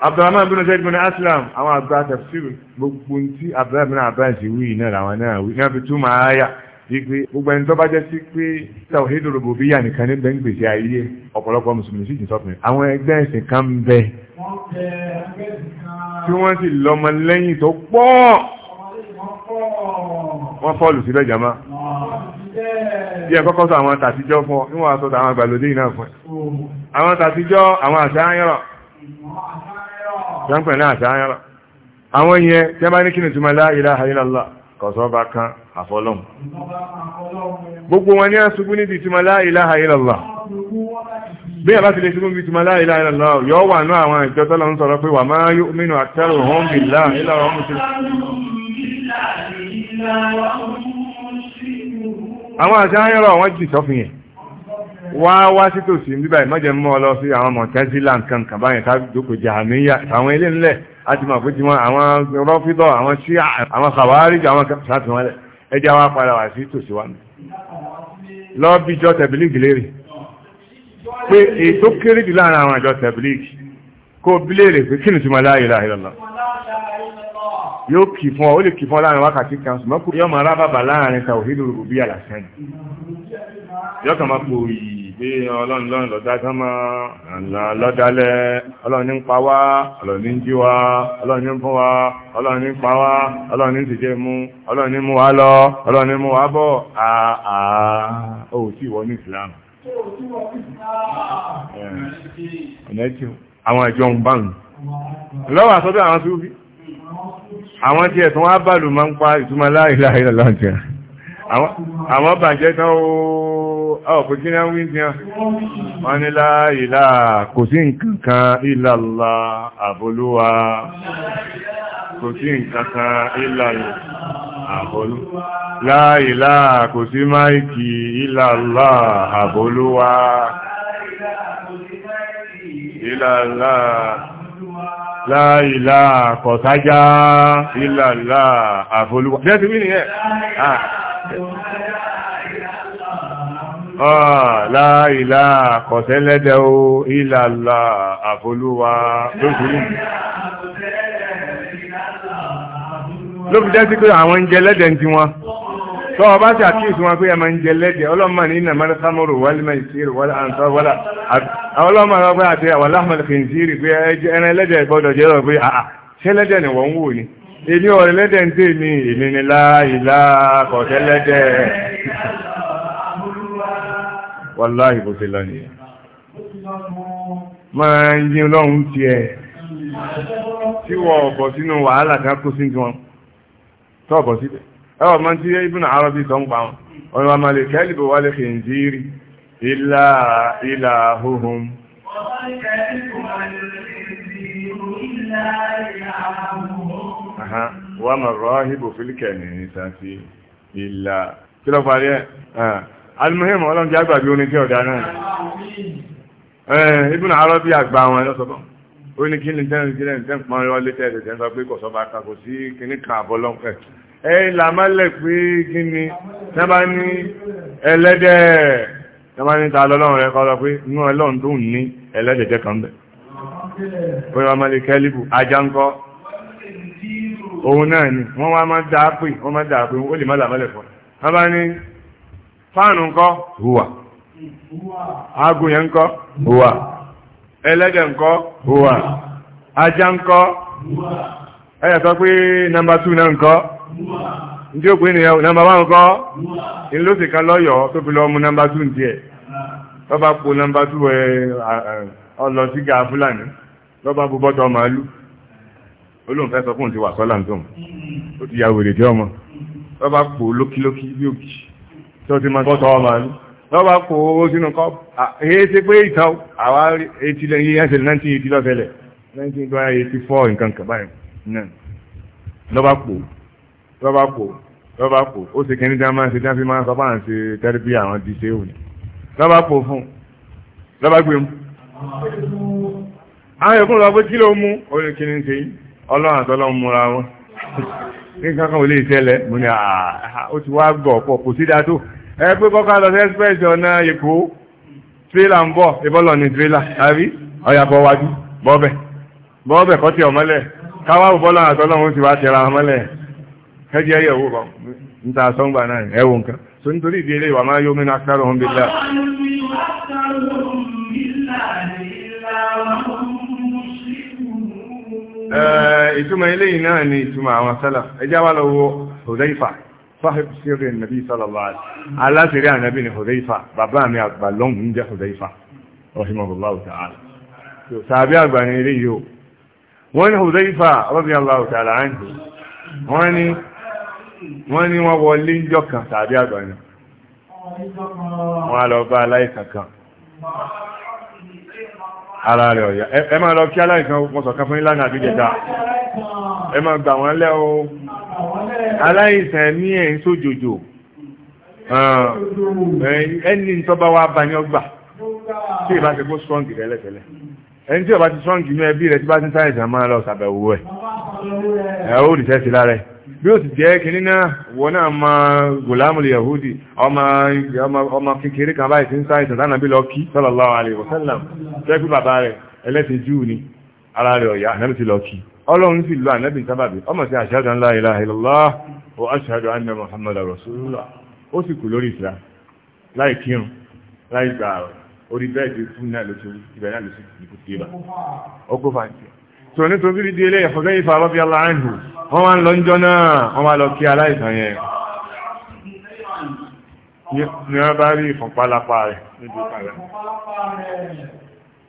abdulrahman bin zayd bin aslam àwọn àgbà tafsir gbogbo tí abdulrahman bin abbas wí náà làwọn náà wí náà fi túmọ̀ àyà wípé gbogbo ẹni tó bá jẹ́ sí pé tawhid rububiyya nìkan ní bẹ́ẹ̀ ń gbèsè ayé ọ̀pọ̀lọpọ̀ mùsùlùmí sì ti sọ́kùnrin àwọn ẹgbẹ́ ẹ̀sìn kan ń bẹ tí wọ́n sì lọ́mọ lẹ́yìn tó pọ̀ wọ́n fọ́ọ̀lù síbẹ̀ jàmá bí ẹ̀kọ́kọ́ sọ àwọn tàtijọ́ fún ọ níwọ̀n aṣọ àwọn àgbàlódé náà fún ẹ àwọn tàtijọ́ àwọn àṣà ayọ́rọ̀ lọ́npẹ̀ náà àti ayára àwọn yẹn tí a bá ní kí ni túnmọ̀ la ilaha illallah kọ̀sọ́bà kan àfọlọ́hùn gbogbo wọn ní àṣùgbú níbi túnmọ̀ la ilaha illallah bí a bá ti lè ṣubú níbi túnmọ̀ la ilaha yọ wà ní àwọn ìjọ tọ́lọ ń sọ̀rọ̀ pé wa ma yu'minu aktharuhum billahi wá wá sí tòsí níbà ìmọ̀jẹ̀ mọ́ ọ lọ sí àwọn mọ̀tẹ́sílà nǹkan kan báyẹn ká jókòó jà níyà àwọn ilé ńlẹ̀ àti màpé tí wọ́n àwọn rọ́fídọ̀ àwọn sí àwọn kàwáríjì àwọn sáàtì wọn lẹ̀ ẹjẹ́ wá padà wá sí tòsí wa nù. lọ́bíjọ́ tẹ̀bílíìgì léèrè pé ètò kéré jù láàrin àwọn àjọ tẹ̀bílíìgì kó bíléèrè pé kí ni tí mo láàyè láàyè lọ́la yóò kì fún ọ ó lè kì fún ọ láàrin wákàtí kan ṣùgbọ́n yóò máa rábàbà láàrin tàwíìdù rúbíyà lásán yóò kàn máa pòòyì pé ọlọ́run lọ́run lọ́dá sánmà lọ́dálẹ̀ ọlọ́run ní ń pa wá ọlọ́run ní ń jí wá ọlọ́run ní ń fún wá ọlọ́run ní ń pa wá ọlọ́run ní ń tìjẹ́ mú ọlọ́run ní mú wá lọ ọlọ́run ní mú wá bọ̀ àà ó sì wọ ní Islam àwọn ìjọ ń báhùn lọ́wọ́ àsọ́dọ̀ àwọn tó bí àwọn tí ẹ̀tún wá bàlù máa ń pa ìtumọ̀ láìláìlá lọ́jẹ́ àwọn bàjẹ́ ọ̀pọ̀ kí ní àwọn ìdíyàn wọ́n ní láìlá kò sí nǹkankan ìlàlá àbólúwa kò sí nǹkankan ìlàlá àbólúwa láìlá kò sí máìkì ìlàlá àbólúwa ìlàlá láìlá kọ̀sájá ìlàlá àbólúwa jẹ́ ti wí nìyẹn ah láìlá kọ̀sẹ́lẹ́dẹ̀ o ìlàlá àfolúwa lóṣùlù ló fi jẹ́ sí pé àwọn ń jẹ lẹ́dẹ̀ ti wọn tọ́ ọba sí àkíyèsí wọn pé ẹmọ ń jẹ lẹ́dẹ̀ ọlọ́mọ ní ìnà mẹ́rin sámúrò wálímẹ̀ ìṣirò wálá àǹtọ́ wálá ọlọ́mọ rọ pé àti ni wọ́n ń wò wàláhì bó ṣe lọ nìyẹn máa yí ọlọ́run tiẹ̀ tí wọ́n ọ̀bọ̀ sínú wàhálà kan kó sí wọn tó ọ̀bọ̀ síbẹ̀ ẹ wọ́n máa ń tí Ibn Arabi sọ ń pa wọn ọ̀nà wa màlẹ̀ kẹ́lìbò wálé khinziri ilá ilá hóhùn wọ́n mọ̀ rọ́hìbò fílíkẹ̀ nìyí sáfì ilá kí lọ́ parí ẹ̀ alimuhim ọlọ́run jẹ́ àgbàgbé orin tí ọ̀dá náà ẹ̀ ibùn àárọ̀ bí àgbà wọn lọ́sọ̀bọ̀ ó ní kí ní tẹ́lẹ̀ tí lẹ́yìn tẹ́ ń pọn lọ létẹ́ ẹ̀dẹ̀ tẹ́ ń sọ pé kò sọ́ba kan kò sí kíní kan àbọ̀ lọ́pẹ́ ẹ̀ làmálẹ̀ pé kí ni tẹ́ ní ẹlẹ́dẹ̀ tẹ́ ní ta lọ́lọ́run rẹ kọ́ lọ pé inú ọlọ́run tó ní ẹlẹ́dẹ̀ jẹ́ kan bẹ̀ pé wọ́n máa lè kẹ́líbù ajá ń kọ́ òun náà ni wọ́n wá máa dáa pé wọ́n máa dáa pé ó lè má làmálẹ̀ fọ́ fáànù nkọ? hụwa agụnya nkọ? hụwa hùwà nkọ? hụwa aja nkọ? ńkọ́ ẹ̀yà sọ pé nọmba 2 náà ńkọ́ ndí ó pè ní nọmba 1 ńkọ́ ìlú sì kan lọ́yọ̀ tó fi lọ mú nọmba 2 díẹ̀ lọ́ba 2 ọlọ sí ga mm. ya wèrè ọmọ lókílókí tó ti máa tọ́ ọmọ ní lọ́wọ́ kó owó sínú kọ́ èyí ti pé ìtàn àwa etí lẹ́yìn ẹsẹ̀ 1980 lọ́fẹ̀lẹ̀ 1984 nǹkan kan báyìí lọ́wọ́ kó lọ́wọ́ kó lọ́wọ́ kó ó sì kí ní dá máa ṣe dá fi máa sọ bá ń ṣe tẹ́rẹ́bí àwọn díṣe òní lọ́wọ́ kó fún lọ́wọ́ gbé mu. àwọn yòókù lọ pé kí ló mú orí kí ni ṣe ọlọ́run àtọ́lọ́run múra wọn ní kankan ò lè tẹ́lẹ̀ mo ní àà ó ti wá gbọ̀ pọ̀ kò sí dáa tó ẹ pé kọ́kọ́ lọ sí express ọ̀nà èkó tírélà ń bọ̀ ìbọ́lọ̀ ní tírélà àbí ọ̀yà wájú bọ́ọ̀bẹ̀ bọ́ọ̀bẹ̀ kọ́ ti ọ̀mọ́lẹ̀ káwá òbọ́lọ̀ àtọ́lọ́run ti wá tẹ̀ra ọmọlẹ̀ ẹ jẹ́ ẹyẹ owó kan níta sọ́ngbà náà ẹ nǹkan tó ìwà máa yóò mínú ìtumọ̀ náà ni ìtumọ̀ àwọn ẹjá lọ wo صاحب سر النبي صلى الله عليه وسلم على سر النبي حذيفة بابا مي أكبر لهم جاء حذيفة رحمه الله تعالى سابع بني ليو وين حذيفة رضي الله تعالى عنه وين وين وولين جوكا سابع بني wọ́n lọ bá aláìkàkan ara rẹ̀ ọ̀yá ẹ máa lọ kí aláìkàn mọ́sọ̀kan fún ìlànà àbíjẹta ẹ máa gbà wọ́n lẹ́ o aláìsàn ní ẹ̀yìn sójòjò ẹni tọba wa bá ní ọgbà tí ìbá ti kó strong tẹ́lẹ̀tẹ́lẹ̀ ẹni tí ọba ti strong inú ẹbí rẹ̀ tí bá ti ń máa lọ sàbẹ̀wò ẹ̀ ó rí ẹ̀ bí ó jẹ́ kìíní náà náà yahudi ọmọ kékeré kan báyìí tí ń lọ kí bàbá rẹ̀ ẹlẹ́sìn júù ni ara rẹ̀ ọ̀yá ti ọlọ́run sì lọ ànábì sábàbí ọmọ sí ashhadu an la ilaha illallah wa ashhadu anna muhammadar rasulullah ó sì kù lórí ìsìlá láì kírun láì gbà ààrẹ orí bẹ́ẹ̀dì fún náà ló ti ibẹ̀ náà ló sì dìkú sí ibà ó kó fàǹtì tó ní torí di ilé ẹ̀fọ́ bẹ́ẹ̀ ìfà rọ́bì aláàánù wọ́n wá ń lọ jọ náà wọ́n wá lọ kí aláìsàn yẹn ni wọ́n bá rí ìfọ̀npálápá rẹ̀ níbi ìpàrẹ̀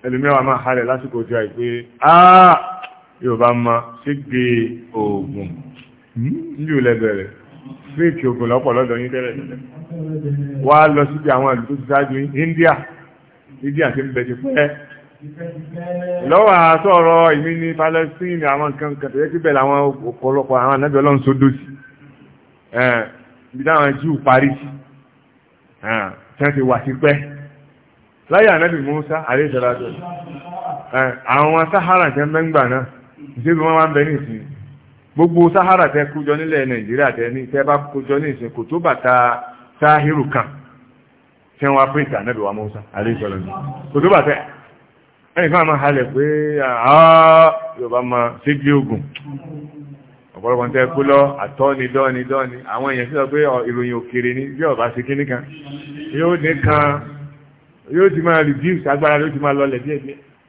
ẹlòmíwàá máa halẹ̀ lásìkò jọ àìpé áà Yorùbá ma ṣígbé oògùn nílùú hmm? lẹ́bẹ̀rẹ̀ fíìkì oògùn lọ́pọ̀ lọ́dọ̀ yín tẹ́lẹ̀ wá lọ síbi àwọn ìlú tó ti ṣáájú India India ti ń bẹ ti pẹ́ lọ́wọ́ àtọ́rọ ìmí ní Palestine àwọn nǹkan kẹtẹ̀yẹ́ tí bẹ̀rẹ̀ àwọn ọ̀pọ̀lọpọ̀ àwọn anábẹ̀ ọlọ́run sódò sí ibi táwọn Júù parí sí tí wọ́n ti wà sí pẹ́ láyé ànábì Musa àríṣẹ́lá àwọn Sahara jẹ́ mẹ́ngbà náà ìṣègùn wọn wá ń bẹ gbogbo sahara tẹ kójọ nílẹ̀ nàìjíríà tẹ ní tẹ bá kójọ ní kò tó bàtà kan tí wọ́n print ànábì wa Mùsá àríṣọ́lọ́ ní kò tó bàtà ẹni kan halẹ̀ pé ogun ọ̀pọ̀lọpọ̀ tẹ lọ dọ́ni dọ́ni àwọn èèyàn sí yóò kan yóò ti máa reduce agbára yóò ti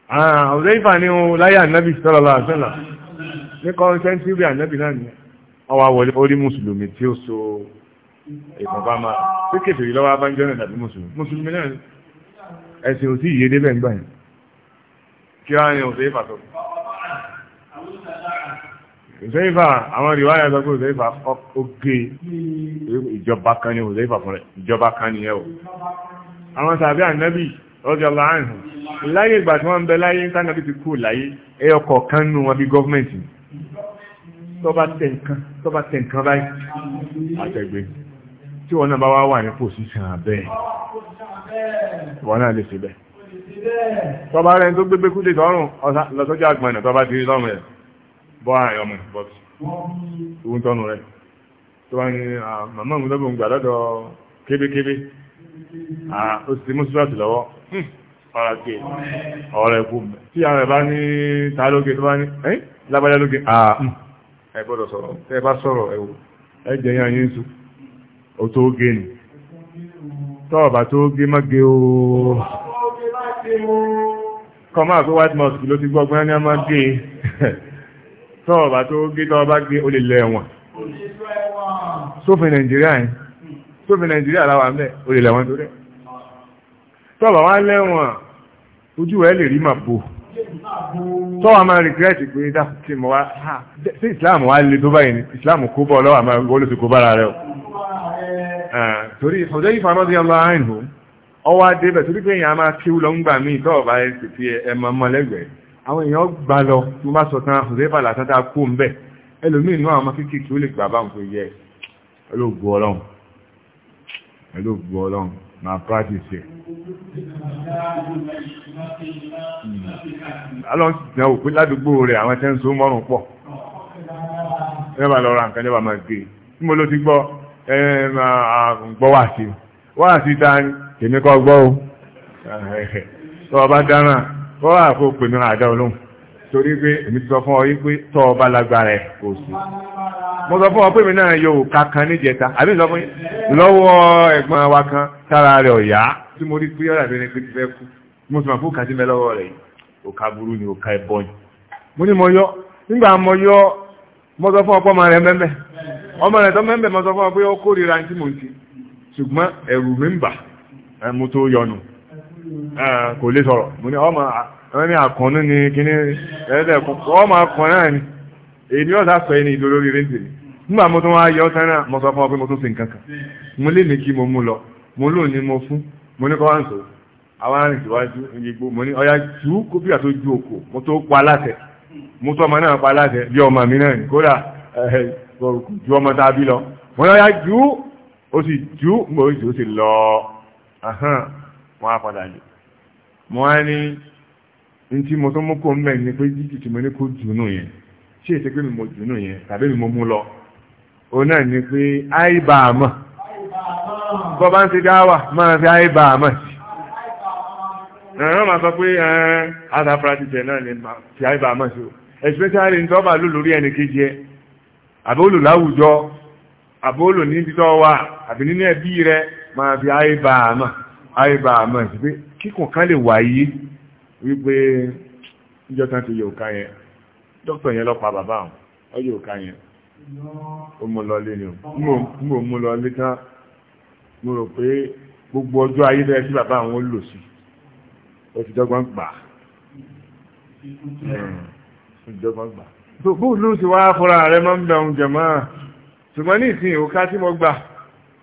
ọ̀dẹ́ ìfà ní ohun láyé ànábì sọ́lọ́lọ́ àṣẹ́là ní kọ́ńtẹ́ntìrì ànábì náà ni ọwà wọlé orí mùsùlùmí tí ó so ìfọ̀bá máa tí kèfèrè lọ́wọ́ abánjọ́ náà tàbí mùsùlùmí mùsùlùmí náà ẹ̀sìn ò sí ìyé débẹ̀ ń gbà yẹn kí wá ní ọ̀dẹ́ ìfà sọ. ọ̀dẹ́ ìfà àwọn ìwà yà sọ pé ọ̀dẹ́ ìfà oge ìjọba kan ni ọ̀dẹ́ ìfà fúnra ìjọba kan ni ẹ o àwọn radiyallahu anhu láyé ìgbà tí wọ́n ń bẹ láyé ìntánẹ́tì ti kú láyé ẹyọ kọ̀ọ̀kan nù wọn bí gọ́ọ̀mẹ̀ntì tọ́ba tẹ̀ nǹkan tọ́ba tẹ̀ nǹkan báyìí àtẹ̀gbẹ́ tí wọ́n náà bá wá wà ní pòsíṣàn abẹ́ wọ́n náà lè ṣe bẹ́ẹ̀ tọ́ba rẹ̀ tó gbégbé kúlé tọ́rùn lọ́sọ́jà àgbọ̀nà tọ́ba ti rí lọ́rùn rẹ̀ bọ́ àyọ̀ mọ̀ bọ́ọ̀sì òun tọ́nu rẹ̀ tó wá ní ah, màmá òun lọ́gbọ̀n gbà lọ́dọ̀ kébékébé ah, ó sì mú síwájú lọ́wọ́ ọ̀rọ̀kẹ́ ọ̀rọ̀ ẹ̀kú tí àwọn ẹ̀bá ní tàálógé tó bá ní ẹ́ lábájá lógé ààrùn ẹgbọ́dọ̀ sọ̀rọ̀ tẹ́ bá sọ̀rọ̀ ẹ̀wò ẹjẹ̀ yàn yín sú o tó gé nì tọ́ọ̀bà tó gé mọ́gé o white mosque ló ti gbọ́gbọ́n ní ọmọ gé tọ́ọ̀bà tó o lè lẹ ẹ̀wọ̀n sófin nàìjíríà yẹn sófin nàìjíríà láwà mẹ́ o lè lẹ̀wọ̀n tó rẹ̀ tọ́lọ̀ wá lẹ́wọ̀n ojú ẹ̀ lè rí mà bò tọ́wọ́ máa regret pé dákùtì mọ́ wá sí Islam wá lè tó báyìí Islam kó bọ̀ lọ́wọ́ àmà olóṣù kó bára rẹ̀ o torí ọjọ́ yìí fàánà díẹ̀ lọ́wọ́ àìní ọwọ́ adébẹ̀ torí pé èèyàn máa kí lọ ń gbà míì tọ́wọ́ bá ẹ̀ sì fi ẹ̀mọ mọ́lẹ́gbẹ̀ẹ́ àwọn èèyàn gbà lọ mo bá sọ ọlọ́run ẹlòògbò ọlọ́run máa practice alọ́n ti dán òpin ládùúgbò rẹ̀ àwọn tẹ́ ń so mọ́rùn pọ̀ ẹ bá lọ ra nǹkan ẹ bá máa gbé tí mo ló ti gbọ́ ẹ máa gbọ́ wà sí wà sí dání tèmi kọ́ gbọ́ o tọ́ ọba dáná kọ́ wà kó pè mí àdá olóhùn torí pé èmi ti sọ fún ọ yí pé tọ́ ọba lágbára ẹ̀ kò sí mo sọ fún ọ pé mi náà yóò kankan níjẹta àbí sọ fún lọ́wọ́ ẹ̀gbọ́n wa kan sára rẹ̀ ọ̀yá tí mo rí pé ọ̀rà pé ti fẹ́ kú mo sì máa fún kàdí lọ́wọ́ rẹ̀ òka burú ni òka ni mo ní mo yọ nígbà mo yọ mo sọ fún ọpọ ọmọ rẹ mẹ́mẹ́ ọmọ rẹ tó mẹ́mẹ́ mo sọ ọ pé ó kórìíra tí mo ti ṣùgbọ́n ẹ̀rù mi ń ọmọ àkànnú ni kíní ọmọ ọ̀sà mo ní kọ́ wá ń sọ àwọn arìnrìn síwájú ìyẹ̀gbò mo ní ọya tú kó bí àtó ju òkò mo tó pa aláṣẹ mo tó ọmọ náà pa aláṣẹ bí ọmọ mi náà ní kódà ju ọmọ tá a bí lọ mo ní ọya ju ó sì ju mo sì ó sì lọ wọn á padà lè mo wá ní ní tí mo tó mú kó mẹ́rin ni pé jíjì tí mo ní kó jù nù yẹn ṣé èsì pé mi mo jù nù yẹn tàbí mi mo mú lọ òun náà ni pé àìbá àmọ́ bọ́ bá ń ṣe dáwà máa fi àìbà àmà sí ẹ̀rọ máa sọ pé ẹ̀rọ àtàfàrà náà ni fi àìbà àmà sí o especially ní tọ́ba ló lórí ẹni kejì ẹ àbólò láwùjọ àbólò ní títọ́ wa àbí nínú ẹbí rẹ máa fi àìbà àmà àìbà àmà sí pé kíkùn kan lè wáyé wípé ìjọta ti yóò ká yẹn dókítà yẹn lọ pa bàbá àwọn ọ yóò ká yẹn ó mú lọ lé ni ó mú lọ lé tán mo rò pé gbogbo ọjọ́ ayé bẹ́ẹ̀ sí bàbá àwọn lò sí ó ti dọ́gbọ́n gbà ó ti dọ́gbọ́n gbà tó bó ló ti wá fúnra rẹ máa ń bẹ ohun jẹ̀mọ́ ṣùgbọ́n ní ìsìn òká tí mo gbà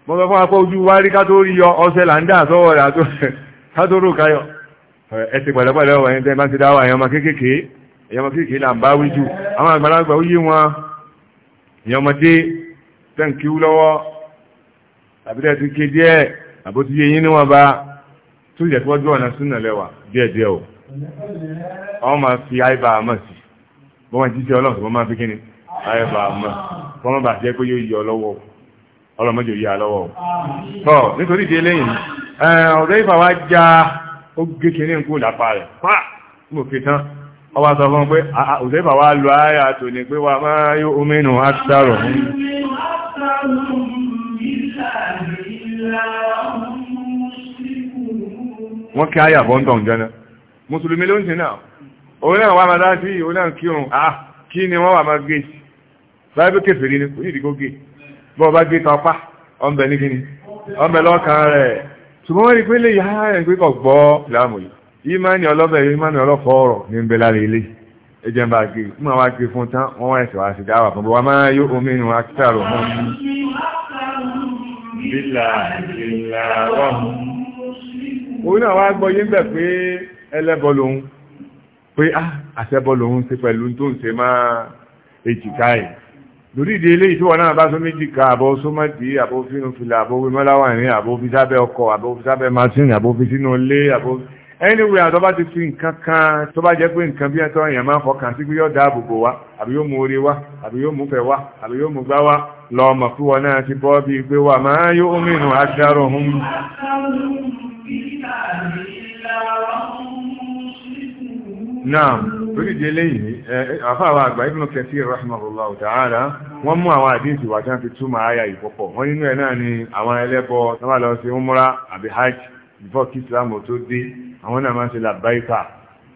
mo sọ fún apá ojú wárí ká tó rí yọ ọṣẹ là ń dà sọ́wọ́ rẹ̀ [laughs] ká tó rò káyọ̀ ẹ ti pẹ̀lẹ́pẹ̀lẹ́ ọ̀wọ̀ ẹni tẹ́ bá ti dáwọ́ àyàn ọmọ kéékèèké èyàn ọmọ là ń bá wí jù àwọn àgbàlagbà ó yé wọn èyàn ọmọdé tẹ́ǹkíú àbílẹ̀ ti ké díẹ̀ àbótí yé yín níwọ̀n bá tó yẹ kí wọ́n dúró ọ̀nà súnà lẹ́wà díẹ̀ díẹ̀ o wọ́n máa fi àìbá àmọ̀ sí bọ́n máa jíjẹ́ ọlọ́run wọ́n máa fi kíni àìbá àmọ̀ kọ́ máa bà jẹ́ pé yóò yọ lọ́wọ́ ọlọ́mọdé yóò yà lọ́wọ́ tọ́ nítorí ìdí eléyìí ọ̀dọ́ ìfà wa já ó gé kíní lápá rẹ̀ pa mo fi tán ọwọ́ sọ fún pé ọ̀dọ́ ìfà wa lọ àyà tó wọ́n kí ayà bọ́ ń tọ̀ ǹjẹ́ náà mùsùlùmí ló ń ṣe náà òun náà wà máa dá sí òun náà kírun ah kí ni wọ́n wà máa gé sí báyìí kẹfẹ́ rí ni kò ní ìdíkó gé bọ́ bá gbé tọpá ọmọbẹ ní kíni ọmọbẹ lọ́kàn rẹ̀ ṣùgbọ́n wọ́n rí pé lè yá ẹ̀ pé kò gbọ́ láàmù yìí ìmánì ọlọ́bẹ̀ ìmánì ọlọ́fọ̀ ọ̀rọ̀ ní ń bẹ lára ilé lílà ìlà rọ̀hún òun náà wá gbọ́ yín bẹ̀ pé ẹlẹ́bọ lòun pé á ah, àṣẹbọ lòun ṣe pẹ̀lú tó ń ṣe máa èjìká ẹ̀ lórí ìdí eléyìí tí wọ́n náà bá sọ méjì ka àbọ̀ sómọ́dì àbọ̀ fínú fìlà àbọ̀ wímọ́láwà àbọ̀ fi ọkọ̀ àbọ̀ fi sábẹ́ àbọ̀ fi ilé àbọ̀ anyway àtọ́ bá ti fi nǹkan kan tó bá jẹ́ pé nǹkan bí ẹ̀tọ́ èèyàn máa ń fọkàn sí pé yóò dáàbò bò wá àbí yóò mú oore wá àbí yóò mú fẹ́ wá àbí yóò mú gbá wá lọ́mọ̀ fún wọn náà ti bọ́ bí pé wà máa yóò mìnú aṣáró hún náà torí jẹ́ lẹ́yìn àfáàwà àgbà Ibn Kathir rahimahullahu ta'ala wọ́n mú àwọn àdíjì wà tán fi túmọ̀ àyà ìpọ̀pọ̀ wọ́n nínú ẹ̀ náà ni àwọn ẹlẹ́bọ tán bá lọ sí umra àbí hajj before kí Islam tó dé àwọn náà máa ń ṣe làbáìkà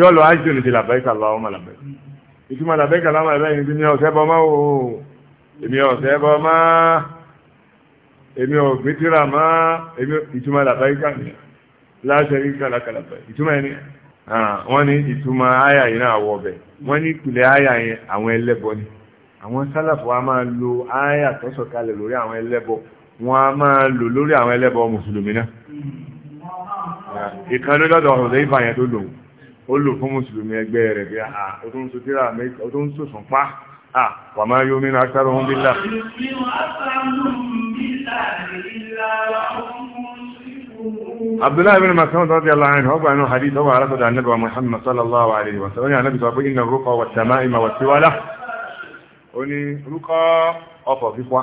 tí ó lọ ájì tó ní ti làbẹ́kà lọ ọmọ làbẹ́kà ìtumọ̀ làbẹ́kà lọ́mọ ẹ̀bẹ́ yìí ní ọ̀sẹ̀ bọ́ máa wò èmi ọ̀sẹ̀ bọ́ máa èmi ọ̀gbìn tíra máa èmi ìtumọ̀ làbẹ́kà ni láṣẹ ní kàlàkà làbẹ́kà ìtumọ̀ ẹni wọ́n ní ìtumọ̀ àyà yìí náà wọ̀ bẹ̀ wọ́n ní ìpìlẹ̀ àyà yẹn àwọn ẹlẹ́bọ ni àwọn sálàfù a máa lo àyà tó sọ̀kalẹ̀ lórí àwọn ẹlẹ́bọ wọn a máa lò lórí àwọn ẹlẹ́bọ mùsùlùmí náà ìkànnì lọ́dọ̀ ọ̀rọ̀ lẹ́yìn fàyẹn tó lòun ó lò fún mùsùlùmí ẹgbẹ́ rẹ̀ bí a ah, tó ń so tíra mẹ́ta tó ń so sùn pa à ah, wà máa yóò mìíràn sára wọn bílá abdullahi bin masoud radiyallahu anhu ọgbà inú hadith ọwà alásọ̀dà annabawa muhammad sallallahu alaihi wasallam ya nabi sọ pé iná rúkọ wà tàmá ìmà wà síwálá ó ní rúkọ ọfọ̀ fífọ́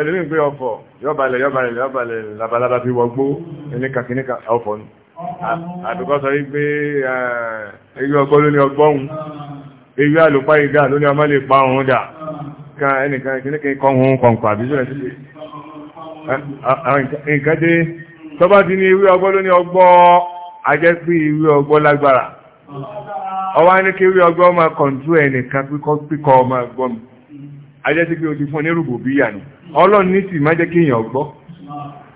ẹlùmí pé ọfọ̀ yọ́balẹ̀ yọ́balẹ̀ yọ́balẹ̀ labalábá fi wọgbó ẹnìkàkíníkà ọfọ̀ ni àbíkọ́ sọ wípé ẹgbẹ́ ọgbọ́n ló ní ọgbọ́n ewé àlùpá ìdá ló ní ọmọ lè pa òun dà kan ẹnìkan ìkíníkì kan hun kọ̀ǹkọ̀ àbíjúrẹ̀ sí nǹkan dé tó bá ti ní ewé ọgbọ́n ló ní ọgbọ́ ajẹ́ pé ewé ọgbọ́n lágbára ọwá ní kí ewé ọgbọ́n máa kọ̀ǹtú ẹnìkan píkọ́ ọmọ ọgbọ́n ajẹ́ sí pé o ti fún onírùbò bíyà ni ọlọ́run ní sì má jẹ́ kí èèyàn ọgbọ́n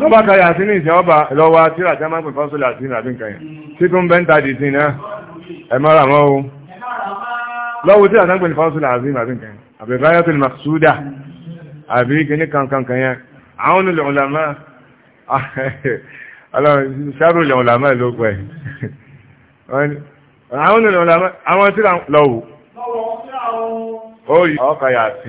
lọ́ba ka yàtí ní ìsìn ọba lọ́wọ́ tí ràjá máa ń pè fọ́sọ́lẹ̀ àti ìrìnàbí nǹkan yẹn tí tó ń bẹ́ ń ta dì sí iná ẹ mọ́ o lọ́wọ́ tí ràjá ń pè ní àti ìrìnàbí nǹkan yẹn àbẹ̀ [laughs] báyọ̀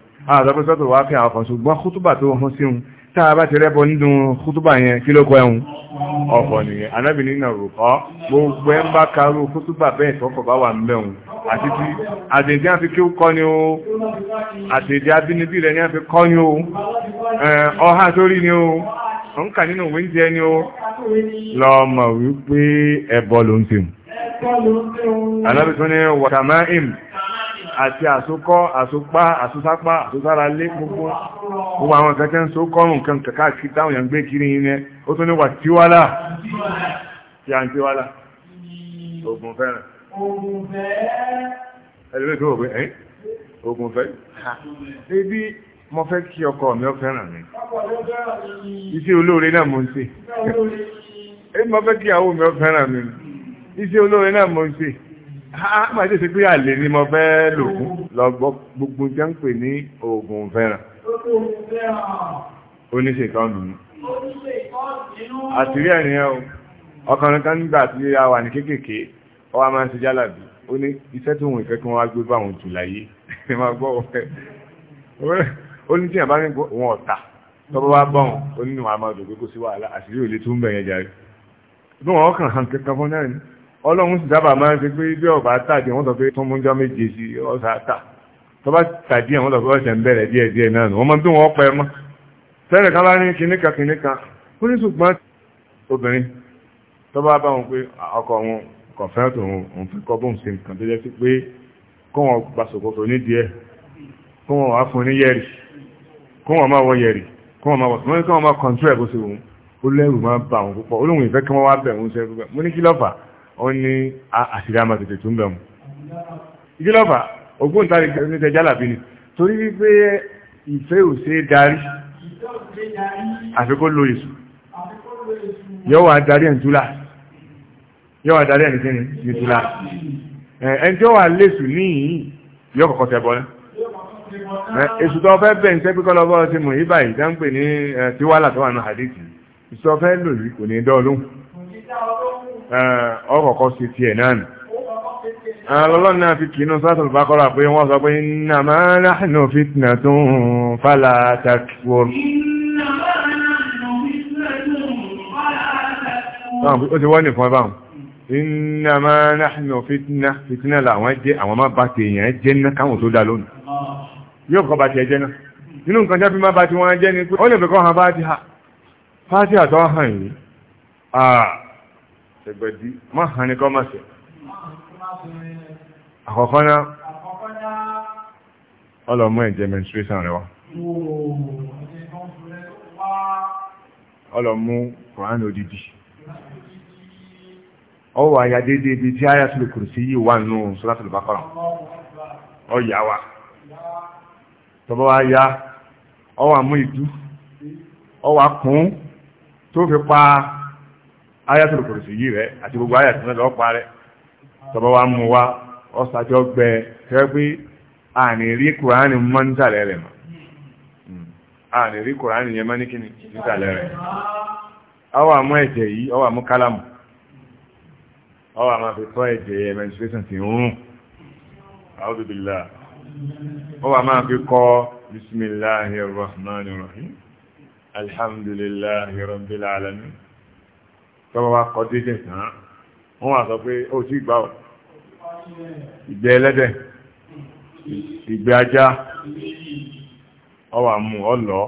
àtọ́pẹ́sọ́tò wá fi àwọn ṣùgbọ́n kútùbà tó hún sí un tá a bá ti rẹ́bọ nínú kútùbà yẹn kí ló kọ ẹ̀hún ọ̀fọ̀ nìyẹn anábìnrin náà rò kọ́ gbogbo ẹ̀ ń bá karú kútùbà bẹ́ẹ̀ tọ́kọ̀ bá wà ń bẹ̀hún àti ti àtẹ̀dí àfi kí ó kọ́ ni o àtẹ̀dí abínibí rẹ̀ ni àfi kọ́ ni o ọ̀há sórí ni o ń àti àsókọ́ àsópá àsósápá àsósára lé gbogbo gbogbo àwọn nǹkan tẹ́ ń so kọ́rùn nǹkan kàkà kí táwọn èèyàn gbé kiri yìnyẹn ó tún ní wà tíwálà tí a ń tíwálà ogun fẹ́ràn ẹlẹ́gbẹ́ tó wọ̀gbẹ́ ẹ́ ogun fẹ́ ibi mo fẹ́ kí ọkọ mi ó fẹ́ràn mi iṣẹ́ olóore náà mo ń ṣe ibi mo fẹ́ kí ìyàwó mi ó fẹ́ràn mi iṣẹ́ olóore náà mo ń ṣe máa tètè pé àlè ni mo fẹ́ lò fún lọ́gbọ́ gbogbo jẹ́ ń pè ní oògùn fẹ́ràn oníṣe kan lù mí àtìrí o ọkùnrin kan nígbà tí a wà ní kéékèèké ọwọ́ a máa ń ṣe jálàbí ó ní iṣẹ́ tó wùn ìfẹ́ kí wọ́n wá gbé bá àwọn jù láyé [laughs] ẹ máa gbọ́ ọ̀fẹ́ ó ní tí yàn bá ní wọn ọ̀tà tọ́bọ́ wá bọ́n onínú àmọ́ òdòdó kó sí wàhálà àṣírí òlé tó ń bẹ̀yẹn jàre bí wọ́n kàn hàn kankan fún náà ni ọlọ́run sì dábàá máa ń fi pé bí ọba tàdí wọ́n sọ pé tó mú jọ méje sí ọ̀sà tà tó bá àwọn ọ̀sẹ̀ ọ̀sẹ̀ ń bẹ̀rẹ̀ díẹ̀ díẹ̀ náà nù wọ́n mọ́ bí wọ́n pẹ́ mọ́ tẹ́lẹ̀ ká bá ní kìnníkà kìnníkà ó ní ṣùgbọ́n obìnrin tó bá wọn pé ọkọ wọn kò fẹ́ tó wọn fi kọ́ bóun sí nǹkan tó jẹ́ sí pé kó wọn gba ṣòkòtò ní díẹ̀ kó wọn wá fún ní yẹ̀rì kó wọn máa wọ yẹ̀rì kó wọn máa wọ̀ sọ́wọ́n kó wọn máa kọ̀ntúrẹ̀ bó ṣe wọn ó lẹ́rù máa bá wọn púpọ̀ olóhùn ìfẹ́ kí wọ́n wá bẹ̀ wọn ṣe gbogbo mo ní kí lọ́fà ó ní àṣìdámà tètè tún bẹ̀rù ìgbélọ́fà ògbóǹtarì gẹ̀ẹ́sẹ̀ jálàbí ni torí wípé ìfẹ́ ò ṣe é darí àfikún lo èṣù yóò wà darí ẹ̀ ntúlá yóò wà darí ẹ̀ nìkíni nìtúlá ẹni tí ó wà léṣù níyìn yóò kọ̀kọ́ tẹ̀ bọ́ èṣù tó fẹ́ bẹ̀ ń tẹ́ pé kọ́lọ́bọ́ ti mú yí báyìí dáńpè ní tiwálà tó wà ní àdéjì ìṣọ́fẹ́ lòlù kò ní dọ́ọ̀lóhùn ọkọ̀ọ̀kọ́ sí tiẹ̀ náà nì ọlọ́run náà fi kìínú sátọ̀lù bá kọ́ra pé wọ́n sọ pé innama nahnu fitnatun fala takfur ó ti wọ́n ní fún ẹbáhùn innama nahnu fitna tó dá lónìí yóò kọ́ nǹkan jẹ́ fi má bá ti wọ́n jẹ́ ní pé ó lè bẹ̀kọ́ hàn bá ti hà fátíà tó hàn yìí ṣẹgbẹ̀dí mọ́ hàn ní kọ́mọ̀sẹ̀ àkọ́kọ́ náà ọlọ́mọ ẹ̀jẹ̀ menstruation rẹ̀ wá ọlọ́mú Kùránì odidi ọwọ́ àyà dédé ibi tí àyà sílù kùrù sí yìí wà nù sọ́látìlù bákọ̀rọ̀ ọ̀yà wa tọ́bọ́ wa ya ọwọ́ àmú ìdú ọwọ́ àkún tó fi pa ayatul kùrùsì yìí rẹ̀ àti gbogbo ayatul náà lọ́pàá rẹ̀ tọ́bọ̀ wa mú wa ọ́sàjọ́ gbẹ tẹ́ pé àní rí kùránì mọ́ nítàlẹ̀ rẹ̀ mọ́ àní hmm. rí kùránì yẹn mọ́ ní kíni nítàlẹ̀ rẹ̀ ọwọ́ àmú ẹ̀jẹ̀ yìí ọwọ́ àmú kálámù ọwọ́ àmú àfẹ́tọ́ ẹ̀jẹ̀ emancipation ti rún a'udhu billah àmú àfikọ́ bismillahir rahmanir rahim alhamdulillahi rabbil alamin tọ́wọ́ wa kọ́ dídìn tán wọ́n wà sọ pé ó sì gbà ọ́ ìgbẹ́ ẹlẹ́dẹ̀ ìgbẹ́ ajá ọwà mú ọlọ́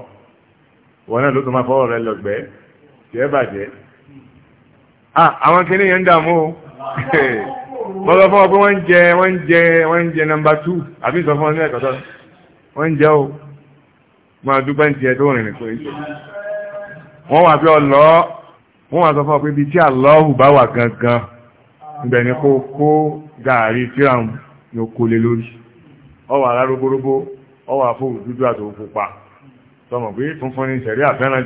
wọ́n náà ló tó máa fọ́wọ́ rẹ lọ́gbẹ́ tí ẹ bàjẹ́ àwọn kìíní yẹn ń dààmú o wọ́n sọ fún ọ pé wọ́n ń jẹ wọ́n ń jẹ wọ́n ń jẹ nọmba tú àbí sọ fún ọ ní ẹ̀kọ́ tọ́ wọ́n ń jẹ o máa dúpẹ́ ń tiẹ̀ tó rìnrìn pé wọ́n wà bí ọlọ́ọ́ wọ́n ma sọ fún ọ pé ibi tí àlọ́hù bá wà gangan ni kó kó gàárì tíram ní oko lé lórí ọwọ́ alárógbórógbó ọwọ́ àfóhù dúdú àti òpópa sọmọ pé funfun ní ìṣẹ̀rí àfẹ́ràn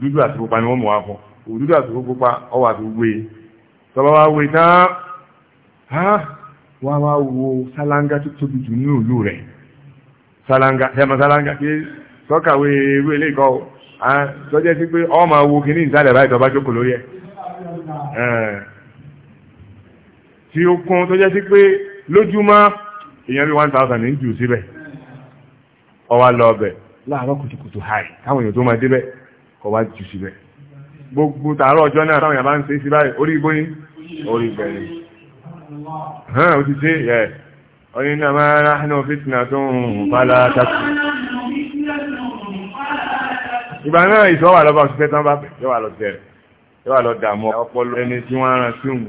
dúdú àti pupa ni wọ́n mọ̀ wá fún òdúdú àti wé tọba wá wé tán á wá wá wo sálángá tó tóbi jù ní òlú rẹ̀ sálángá sálángá kí Ah, tọ́jẹ́ sí pé ọmọ awo kìíní ìsàlẹ̀ báyìí tọba jókòó lórí ẹ̀ eh. tí ó kún sí pé lójúmọ́ èèyàn bí ní jù síbẹ̀ ọwá lọ bẹ̀ láàárọ̀ kùtùkùtù hàì káwọn èèyàn tó máa débẹ̀ kọ wá jù síbẹ̀ gbogbo tààrọ̀ ọjọ́ náà táwọn èèyàn bá ń ṣe sí báyìí orí orí ìbẹ̀rẹ̀ ó ti ṣe ẹ̀ náà máa ráhánà tó ń ìgbà náà ìṣọ́wà lọ́ba òṣìṣẹ́ tán bá bẹ̀ yọ́wà lọ tẹ̀rẹ̀ yọ́wà lọ dààmú ọpọlọ ẹni tí wọ́n ran sí òun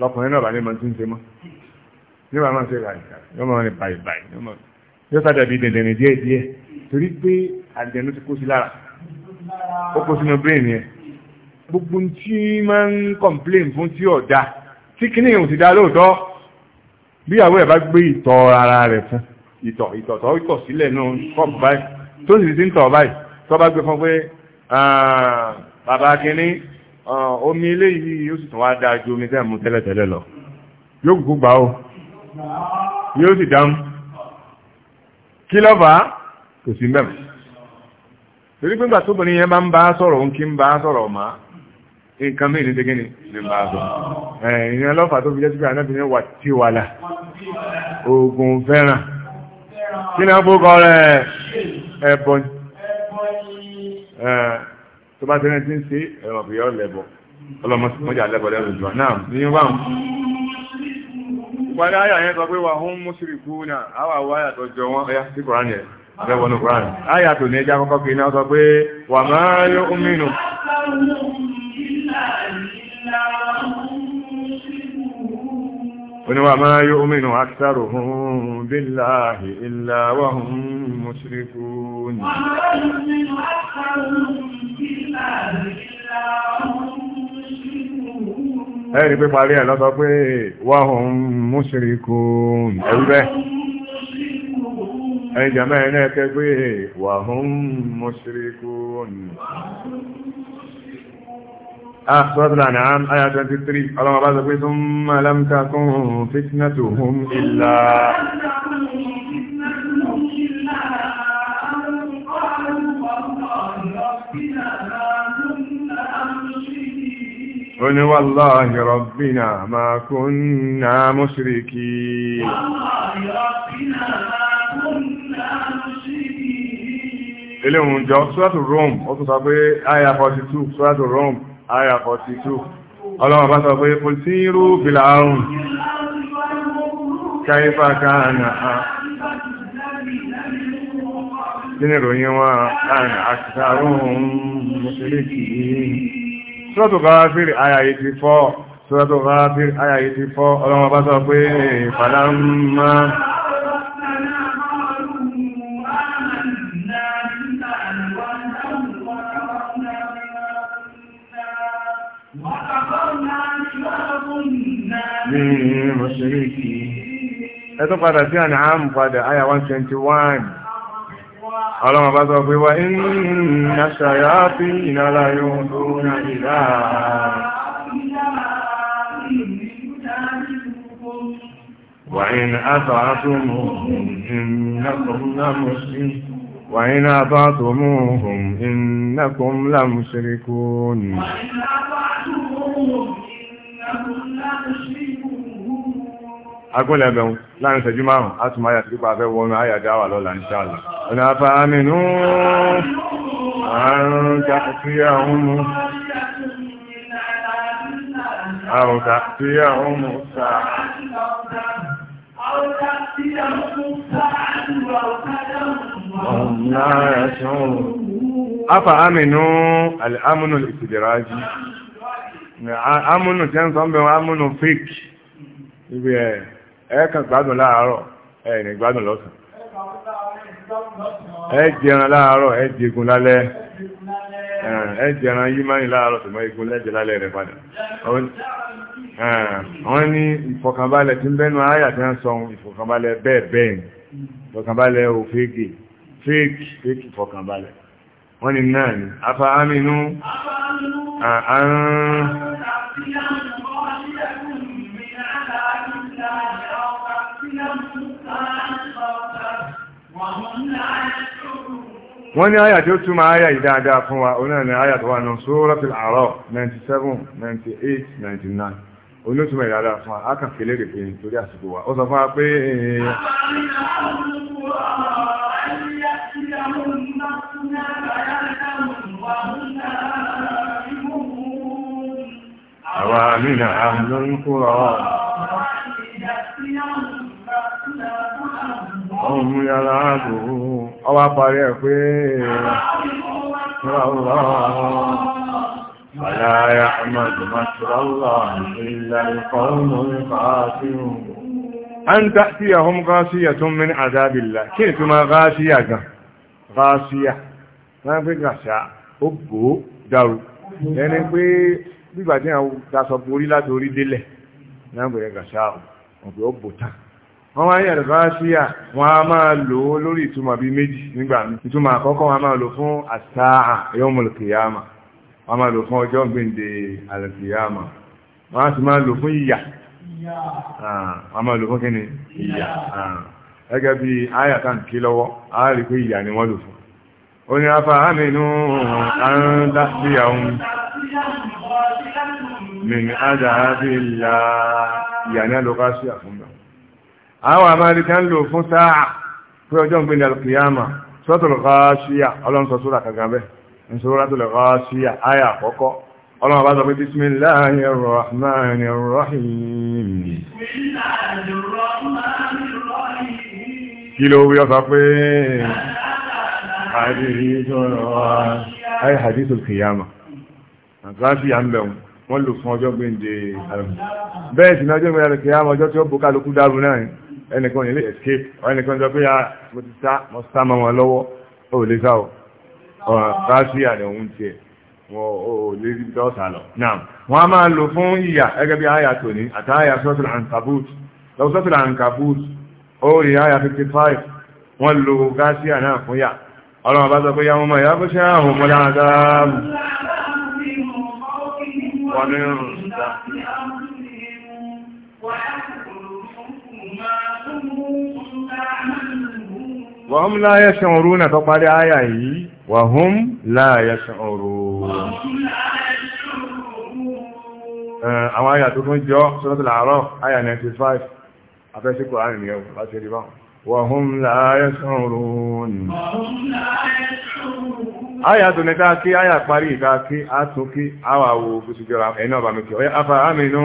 lọkùnrin náà bá ní mọ̀ tí ń ṣe mọ́ nígbà máa ń ṣe ràìkà yọ́ máa ń rìn báyìí báyìí yóò sádà bí dẹ̀dẹ̀rìn díẹ̀ díẹ̀ torí pé àdẹ̀nu ti kó sí lára ó kó sínú brain yẹn gbogbo tí máa ń complain fún tí ọ̀dà tí kíní ìhùn ti dá lóòótọ́ bí ìyàwó ẹ̀ bá gbé ìtọ̀ ara rẹ̀ fún ìtọ̀ ìtọ̀ tó ìtọ̀ sílẹ̀ náà kọ́ọ̀bù báyìí tó sì ti ń tọ̀ báyìí tó bá gbé fún pé bàbá kínní omi ilé yìí yóò sì tún wá dáa ju omi tẹ́ mú tẹ́lẹ̀tẹ́lẹ̀ lọ yóò kúkú gbà ó yóò sì dáhùn kí ló fà á kò sí mbẹ́mù torí pé gbàtó obìnrin yẹn bá ń bá sọ̀rọ̀ òun kí ń bá sọ̀rọ̀ ọ̀mà nǹkan mí ní tegínì ní bá sọ̀rọ̀ ìyẹn lọ́fà tó fi jẹ́ sípé anábìnrin wà tí wà lá oògùn fẹ́ràn kí ni wọ́n fó rẹ̀ ẹbọ ni tó bá tẹ́lẹ̀ tí ń ṣe ẹ̀rọ fìyà ọ̀lẹ́bọ̀ ọlọ́mọdé àlẹ́bọ̀ lẹ́rù jù náà ní wà ń padà ayà yẹn sọ pé wà hún mùsùlùmí náà àwà wà jọ wọn sí yẹn ayà tó ní ẹja kọ́kọ́ kì í náà sọ pé wà máa yọ oníwà máa yóò mìnà àkítàrò hún billahi illa wa hum mushrikun ẹni pé parí ẹ̀ lọ́sọ pé wa hum mushrikun ẹ̀rúbẹ́ ẹni jàmẹ́ ẹ̀nà ẹ̀kẹ́ pé wa hum mushrikun سورة الأنعام آية 23 الله بعد ذلك ثم لم تكن فتنتهم إلا قل والله ربنا ما كنا مشركين eléhùn jọ sọ́tù rome جاء سورة الروم pé آية 42 سورة الروم àyà 42 ọlọ́wọ́ bá sọ pé kò sí irú bìlà àrùn káífà káàna nínú ìròyìn wọn àrùn àṣìṣàrùn mùsùlùmí sọ́tò bá fèrè àyà 84 sọ́tò bá fèrè àyà 84 ọlọ́wọ́ bá sọ pé fàdámà المشركين ẹ̀tọ́ padà sí àni àmì padà àyà 121 ọlọ́mọ bá sọ pé wà iná ṣàyà fi ìnára yóò tó náà ìlà وإن أطعتموهم إنكم لمشركون وإن أطعتموهم إنكم لمشركون وإن أطعتموهم إنكم لمشركون agúnlẹ̀bẹ̀un láàrin ṣẹ̀jú márùn-ún a tún máa yà sí pípa afẹ́ wọnú àyàdáwà lọ́la ní ṣáàlá ọ̀nà àfààmìnú àrùn kàfíyà ọmọ sáà àfààmìnú al'amúnù ìsìdìrájí amúnù tẹ́ ń sọ ń bẹ̀rún amúnù fíkì ibi ẹ̀ ẹ̀ẹ́kan gbádùn láàárọ̀ ẹ̀ẹ́nì gbádùn lọ́sàn ẹ̀ẹ́jẹran láàárọ̀ ẹ̀ẹ́jẹgun lálẹ́ ẹ̀ẹ́jẹran yí máa ń láàárọ̀ ṣùgbọ́n egun lẹ́jẹ̀ lálẹ́ rẹ̀ padà wọ́n ní ìfọ̀kànbalẹ̀ tí ń bẹ́nu ayà tí wọ́n sọ ìfọ̀kànbalẹ̀ bẹ́ẹ̀ bẹ́ẹ̀ ìfọ̀kànbalẹ̀ ò fẹ́gẹ̀ fẹ́ẹ̀kì fẹ́ẹ̀kì ìfọ̀kànbalẹ̀ wọ́n ní náà ni afa aminu àrùn wọ́n Aya àyà tí ó túmọ̀ àyà yìí dáadáa fún wa onáà ní àyà tó wà nù 97 98 99 olótùmọ̀ ìdáadáa fún wa a aka fèlè rèé fèyìn torí àsìkò wa ó sọ fún wa pé àwọn ọmọ yàrá àgbò ọwá parí ẹ̀ pé Àláyà àmàdù màtàlá ìlà ìfọ́nà ìfàásíhùn. A ń dá sí àhún gáṣíyà tó mẹ́ ní àdábìlá, kí ni tó máa gáṣíyà gan? Gáṣíyà, wọ́n fi gàṣà ó bò dárú. Ẹni pé bíbà tí àwọn daṣọ borí láti orí délẹ̀, náà bẹ̀rẹ̀ gàṣà ọ̀pẹ̀ ó bò tán wọ́n wá yẹ̀ rẹ̀fáṣíà wọ́n a máa lò ó lórí ìtumọ̀ bíi méjì nígbà mi ìtumọ̀ àkọ́kọ́ wọ́n a máa lò fún àtàà yawmul qiyama wọ́n a máa lò fún ọjọ́ gbèǹde al wọ́n a sì máa lò fún ìyà gẹ́gẹ́ bí àyà lọ́wọ́ a rí pé ìyà ni wọ́n lò fún ó ní afa aminu àńdásíyàwó àwọn àmàríkà ń lò fún sáà pé ọjọ́ ń gbìyànjú kìyàmà suratul Ghashiya ọlọ́nsọ sóra kankan bẹ́ ń suratul Ghashiya ayà àkọ́kọ́ ọlọ́run bá sọ pé bismillahir rahmanir rahim kí ló wí ọ̀sọ̀ pé ayé hadithul kìyàmà Ghashiya ń bẹ̀rún wọ́n ẹnìkan ilé escape ẹnìkan jọ pé a ah, mo ti sá mo sá mọ́ wọn lọ́wọ́ ó lè sá o rásíà ni òun tiẹ̀ wọn ò lè rí dọ́ọ̀sà lọ. wọ́n a máa lò fún ìyà ẹgẹ́ bí àyà tòní àtàyà sọ́tìlà àǹkàbùt lọ́wọ́ sọ́tìlà àǹkàbùt ó rí àyà 55 wọ́n lò rásíà náà fún yà ọlọ́run bá sọ pé yà wọ́n mọ̀ ìyá fúnṣẹ́ àwọn ọmọdé àdáàmù wọ́n ní wàhún láyé ṣanrú náà tó parí àyà yìí wàhún láyé ṣanrú àwọn àyà tó tún jọ sọ́tọ̀ làárọ̀ àyà 95 afẹ́síkò àrìn ni ẹwù láti rí báwọn wàhún láyé ṣanrú ní àyà tó ní káàkí àyà parí ìkáàkí átúnkí àwàwò gbùsùgbọ́ra ẹ̀nà ọbàmìkì ọ̀yá afẹ́ àmìnú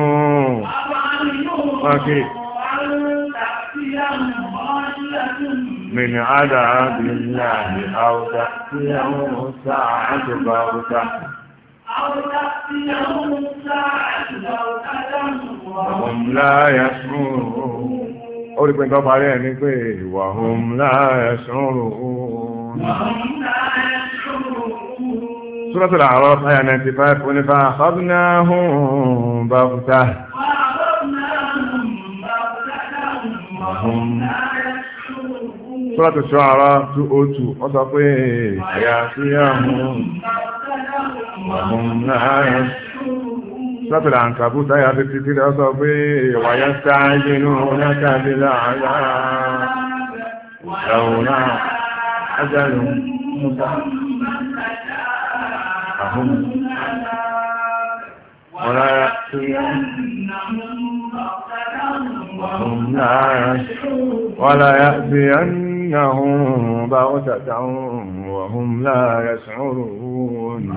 ọ̀kì من عذاب الله أو تأتيهم الساعة بغتة أو الساعة بغتة وهم لا يشعرون وهم لا يشعرون وهم لا يشعرون سورة الأعراف آية 95 قل فأخذناهم بغتة فأخذناهم بغتة وهم لا يشعرون Suratu Shu'ara 202 wọ́n sọ pé àyà sí àwọn ọmọ náà Suratu Al-Ankabut àyà sí títí lọ sọ pé wàyá sáájú inú látàbí láàárá lọ́wọ́ná ajálù mọ́ta àhún wọ́n rárá sí àwọn ọmọ náà ولا يأتين يأتينهم بغتة وهم لا يشعرون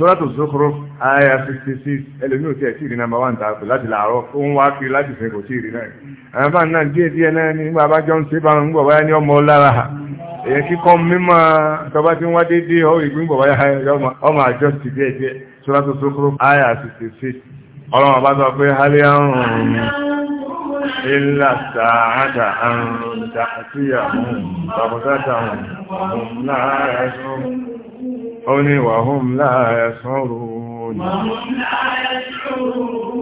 Sọ́rọ̀tù Zókòrò, Aya 66, ẹlòmí ò tí ẹ̀ tí ìrìnà máa wà ń tààkù láti làárọ̀ fún wá kí láti fẹ́ kò tí ìrìnà. Àyàbá náà díẹ̀ díẹ̀ náà ní bàbá jọ ń ṣe bá ń gbọ̀ báyá ní ọmọ lára. Èyàn kíkọ́ mímọ̀ tọba tí wọ́n dédé ọ ìgbín gbọ̀ báyá ọmọ àjọ́ ti díẹ̀ díẹ̀. Sọ́rọ̀tù Zókòrò, Aya 66 ọlọ́run bá sọ pé hálẹ́ àrùn ilá sàádà àrùn tààtíyà tàbùsátà òun láàárẹ̀ sọ́rọ̀ ó